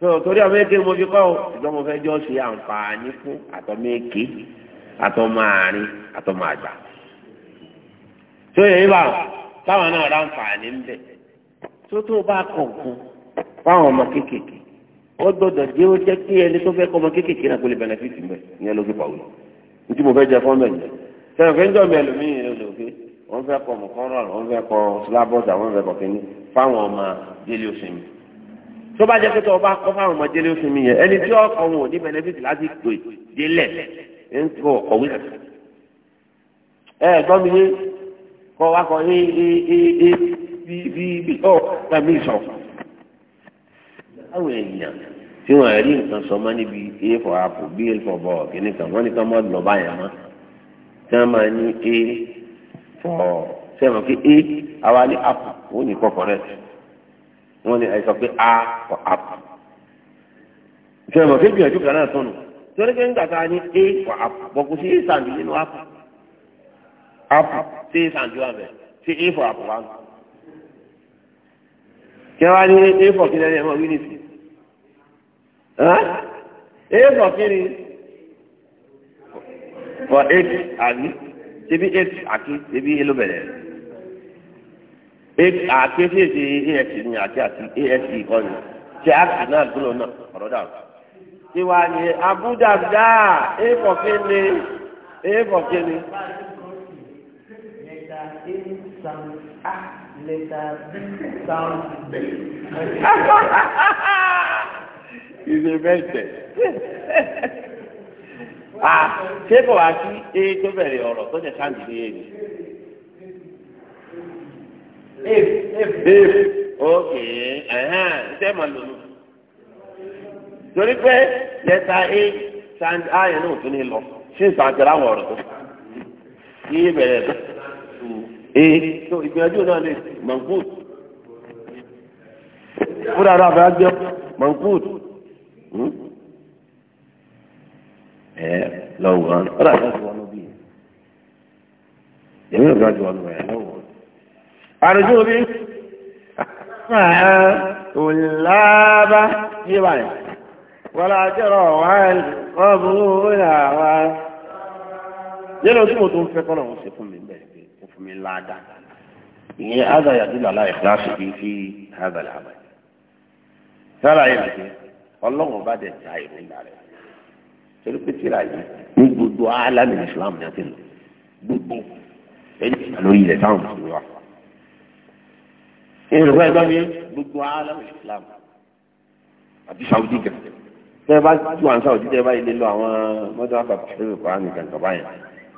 tó torí àwọn èké mo fi kọ́ o ṣùgbọ́n mo fẹ́ jọ ṣe àǹfààní fún àtọ́mọ èké àtọ́mọ àárín àtọ́mọ àgbà tó yẹ ibà táwọn náà rà àǹfààní ń bẹ̀ tó tó bá kọ̀ fáwọn ọmọ kéékèèké ó gbọ́dọ̀ jẹ́ ó jẹ́ kí ẹni tó fẹ́ kọ́ ọmọ kéékèèké náà kó lè bẹ̀rẹ̀ fífi mẹ́ ìyẹn ló fi pàwọ́ nítí mo fẹ́ jẹ fọ́nbẹ yẹn sẹ́yìn fẹ́ ń jọ mẹ́lò mí ìrìn olóògbé wọ́n fẹ́ kọ mọ̀kọ́rọ̀ wọ́n fẹ́ kọ sílábọ̀sì àwọn fẹ́ kọ kínní fáwọn ọmọ délé òsìn mi tó bá jẹ́ pé tó o bá kọ́ fáwọn ọmọ délé òsìn mi yẹn ẹni tí ọkọ̀ wọn ò ní bẹnẹfìtì láti pè délẹ̀ ń kọ ọ̀wé kàkà ẹ gbọ́ mi yé kọ́ wa kọ́ ẹ ẹ bí bí bí ọ̀ tàbí ìsọ̀ àwọn èèyàn tí wọn rí nǹkan sọ níbi a for apple b for ball kìíní kan wọn ní ká mọ lọ báyà mọ tí wọn máa ní a for sẹwọn pé a àwa ní apple ó ní kọ correct wọn ní àìsàn pé a for apple sẹwọn pé gbìyànjú kan náà tọ̀nù tí wọn ní kí n gbàgbá ní a for apple bọ̀ kò sí a sàǹdì nínú apple apple sí a sàǹdì wà bẹ̀ sí a for apple wà. kí wọn ní a for kí lẹ́yìn ẹ̀ mọ̀ wí éèkọ̀ kí ni for eight àbí ṣebí eight àti ṣebí èlò bẹ̀rẹ̀ eight àti ṣe ṣe asc ni àti àti asc kọ́ ni ṣe asc náà gbọ́dọ̀ náà ọ̀rọ̀ dà o. tiwa ni abuja dá éèkọ̀ kí ni éèkọ̀ kí ni. Letter B sounds B. ìṣe mẹ́tẹ̀. à ṣé kò wá sí e tó bẹ̀rẹ̀ ọ̀rọ̀ tó jẹ́ sáǹdì ní èyí. if ok ṣé màá lò ó. torí pé lẹ́tà a sáǹdì a yẹn náà tún ní lọ sí ìsàǹtẹ̀rẹ̀ àwọn ọ̀rọ̀ tó kí bẹ̀rẹ̀ tó ee tó ìgbìyànjú náà lè mankut fúnra rà bá jẹ mankut ẹ hmm? eh, lọ́wọ́ ọ̀rọ̀ àti ọ̀sùn wọn bí èmi ò bá ju ọ̀nà ẹ̀ lọ́wọ́. àrùjú omi ọ̀làbá yíba yìí wọ́n lọ àjọrọ̀ wá wọ́n burú ìyá wa. yẹ́nà tí mo tún fẹ́ kọ́ lọ́wọ́ ṣe fún mi bẹ́ẹ̀ pé kò fún mi ládàá. ìyẹn ádàyàdúlà láì kíláàsì bíi fi ádàlà àbàyè. sára yìí nìyẹn ọlọ́run bá dẹ̀ ta ìlú ńlá rẹ̀ torí pé tíra yìí ní gbogbo alámi islam ní àti lò gbogbo ẹni lórí ilẹ̀ táwọn mùsùlùmí wà. ìrìn ìwé ẹgbẹ́ mi gbogbo alámi islam àti saudi gan. tẹ́ bá tú àwọn saudi tẹ́ bá ilé lọ àwọn mọ́tòwáfà pàṣẹ kọ́ àmì kankan báyìí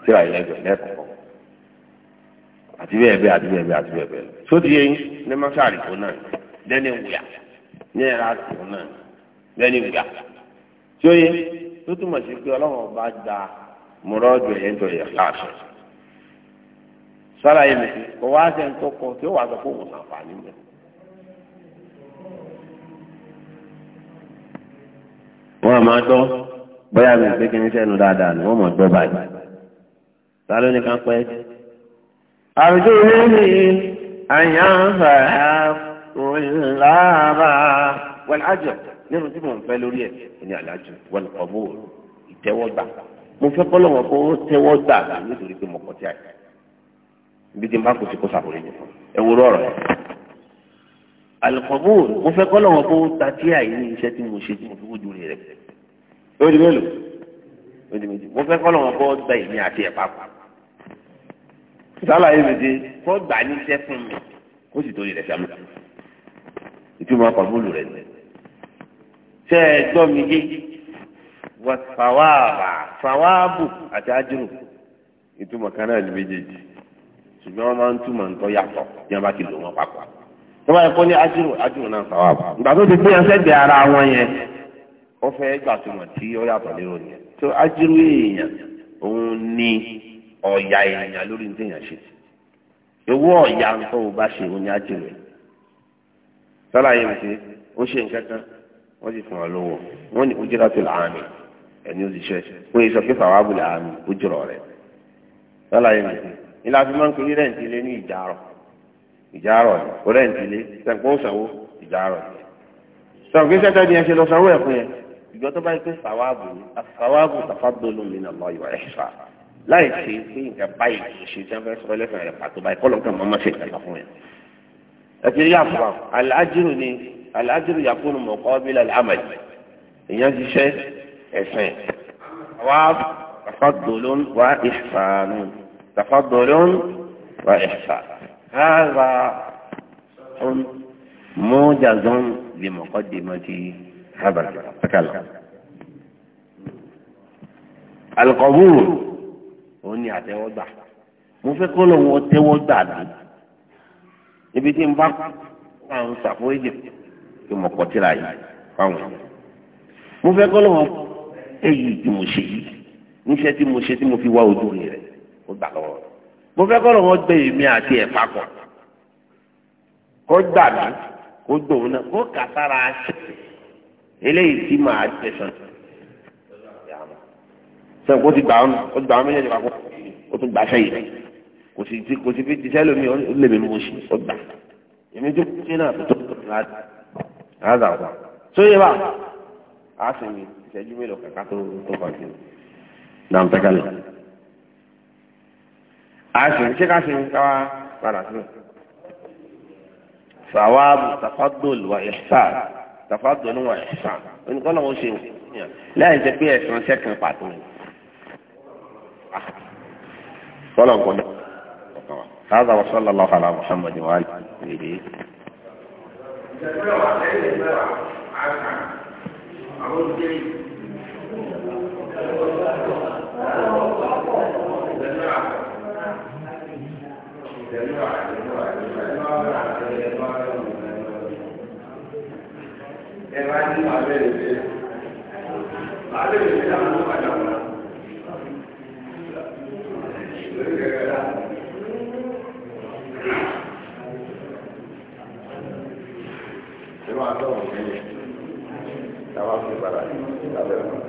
tíra yìí lẹ́gbẹ̀ẹ́ lẹ́kọ̀ọ́ àti bẹ́ẹ̀ bẹ́ẹ̀ àti bẹ́ẹ̀ bẹ́ẹ̀ àti bẹ́ẹ̀ bẹ́ẹ̀ sódì yẹn ní bẹ́ẹ̀ ni gbà tí ó yẹ tó túmọ̀ sí pé ọlọ́run bá gba mùrọ́dù ẹ̀yẹ́ nítorí ìkíláàsì sára yìí nìyí kò wá ṣe ń tó kọ tí ó wà sọ fún òun àǹfààní mọ́. wọ́n á máa bóyá mi pé kí n dáadáa ni ta ló ní ká ìwé mi àyànfà lára nínú tí mò ń fẹ́ lórí ẹ̀ ní aláàjù wọn kọ́ bó ìtẹ́wọ́gbà mo fẹ́ kọ́ lọ́wọ́ kó ó tẹ́wọ́gbà àgbà nítorí pé mo kọ́ tí a yẹ ibi tí n bá kò sí kó sàbòrí mi ẹ wo rọrọ yẹn alikọbúl mo fẹ́ kọ́ lọ́wọ́ kó ta tí a yẹ ní iṣẹ́ tí mo ṣe tí mo fi wójú rẹ̀ ó di mélòó ó di méjì mo fẹ́ kọ́ lọ́wọ́ kó gba èmi àti ẹ̀ papọ̀ sálàyé mi ti kó gbà níṣẹ́ fún mi kó sì torí rẹ̀ sàmì ìtumọ̀ kọ̀ọ̀bùlù rẹ̀ nìyẹn tẹ́ ẹ gbọ́ mi yé wà fàwáàbà fàwáàbù àti ájúrò ìtumọ̀ kan náà ní méjèèjì ṣùgbọ́n wọ́n máa ń túmọ̀ nǹkan yàtọ̀ bí wọ́n bá ti lò wọ́n papọ̀ tó bá yẹ kó ní ájúrò ájúrò náà fàwáàbù ìgbà tó ti gbé yẹn sẹ́gbẹ̀ẹ́ ara wọn yẹn ó fẹ́ gbà túmọ̀ tí ó yàtọ̀ lérò yẹn tó ájúrò èèyàn òun ni ọ̀yà èèyàn lórí ní téèyàn ṣe owó ọ̀yà nǹkan ò bá ṣe òun ni ájúrò yẹn sọ́lá yẹn ti ó ṣe nǹkan kan wọ́n sì fún wọn lówó wọ́n ní ojúra tó là ámì ẹni òṣìṣẹ́ wọ́n yìí sọ pé fàwọn abúlé ámì ojúra rẹ̀ lọ́la yìí nìyí ilé àti máa ń pè ní rẹ́ǹtì ilé ní ìjárọ̀ ìjárọ̀ ni kò rẹ́ǹtì ilé sẹ́ǹkó sanwó ìjárọ̀ ni sọ̀rọ̀ pé ni ẹ ṣe lọ sanwó ẹ̀kún yẹn ìjọ tó bá yẹ pé fàwáàbù ni fàwáàbù tàfàdólù mi nà lọ́yọ̀ ẹ̀ṣà láì ṣe pé nǹkan báyìí ṣe tí fẹ́ sọ alájúrò yakunu mọ̀kọ́bílà lámàlì èèyàn ṣiṣẹ́ ẹ̀sìn wa tafadulun wa ihsanu tafadulun wa ihsan hàrà mọ́jàzọ́n lè mọ̀kọ́dìmọ́tì hábàlì pẹ́kàlà. alikọ̀bùrù òun ni àtẹ́wọ́gbà mo fẹ́ kọ́ lọ́wọ́ tẹ́wọ́gbà mi ibi tí n bá kú àwọn ṣàforíjì kí mo kọ tíra yìí fáwọn èèyàn mo fẹ́ kọ́ lọ́wọ́ èyí tí mo ṣe yìí níṣẹ́ tí mo ṣe tí mo fi wá ojú rẹ̀ ó gbà lọ́wọ́ mo fẹ́ kọ́ lọ́wọ́ gbé èmi àti ẹ̀ papọ̀ kó gbà mí kó gbòòrò náà kó kà ṣe eléyìí tí màá tẹ̀sán sẹ́wọ̀n kó ti gbà ọ́nà kó ti gbà ọ́nà méjèèjì papọ̀ kó tún gbà sẹ́yìn kò sì fi ti sẹ́lómi ó lè mi mú sí ó gbà èmi tó kú sí náà tó tó tó láti rádà wà tó yẹ bá a sì mi ìṣẹ́jú mélòó kàkà tó tó kàn sí náà pẹ́kálẹ̀ a sì mi ṣé ká sì mi káwá padà sí sàwáàbù tafadol wa ihsan tafadol wa ihsan oníkọ́ náà ó ṣe láì jẹ́ pé ẹ̀sán ṣẹ́kàn pàtó kọ́lọ̀ ń kọ́ni. هذا وصلى الله على محمد وآله ìjẹ́pẹ́rẹ́ wà lẹ́yìn ìgbẹ́ wà àgbà àwọn olùdé yìí. Ẹ̀rọ ayé ni wà lẹ́yìn ìgbẹ́. Wà lẹ́yìn ìgbẹ́ àwọn olùdé. fún adọ́wọ̀ nílẹ̀ táwa fi padà lábẹ́ wọn.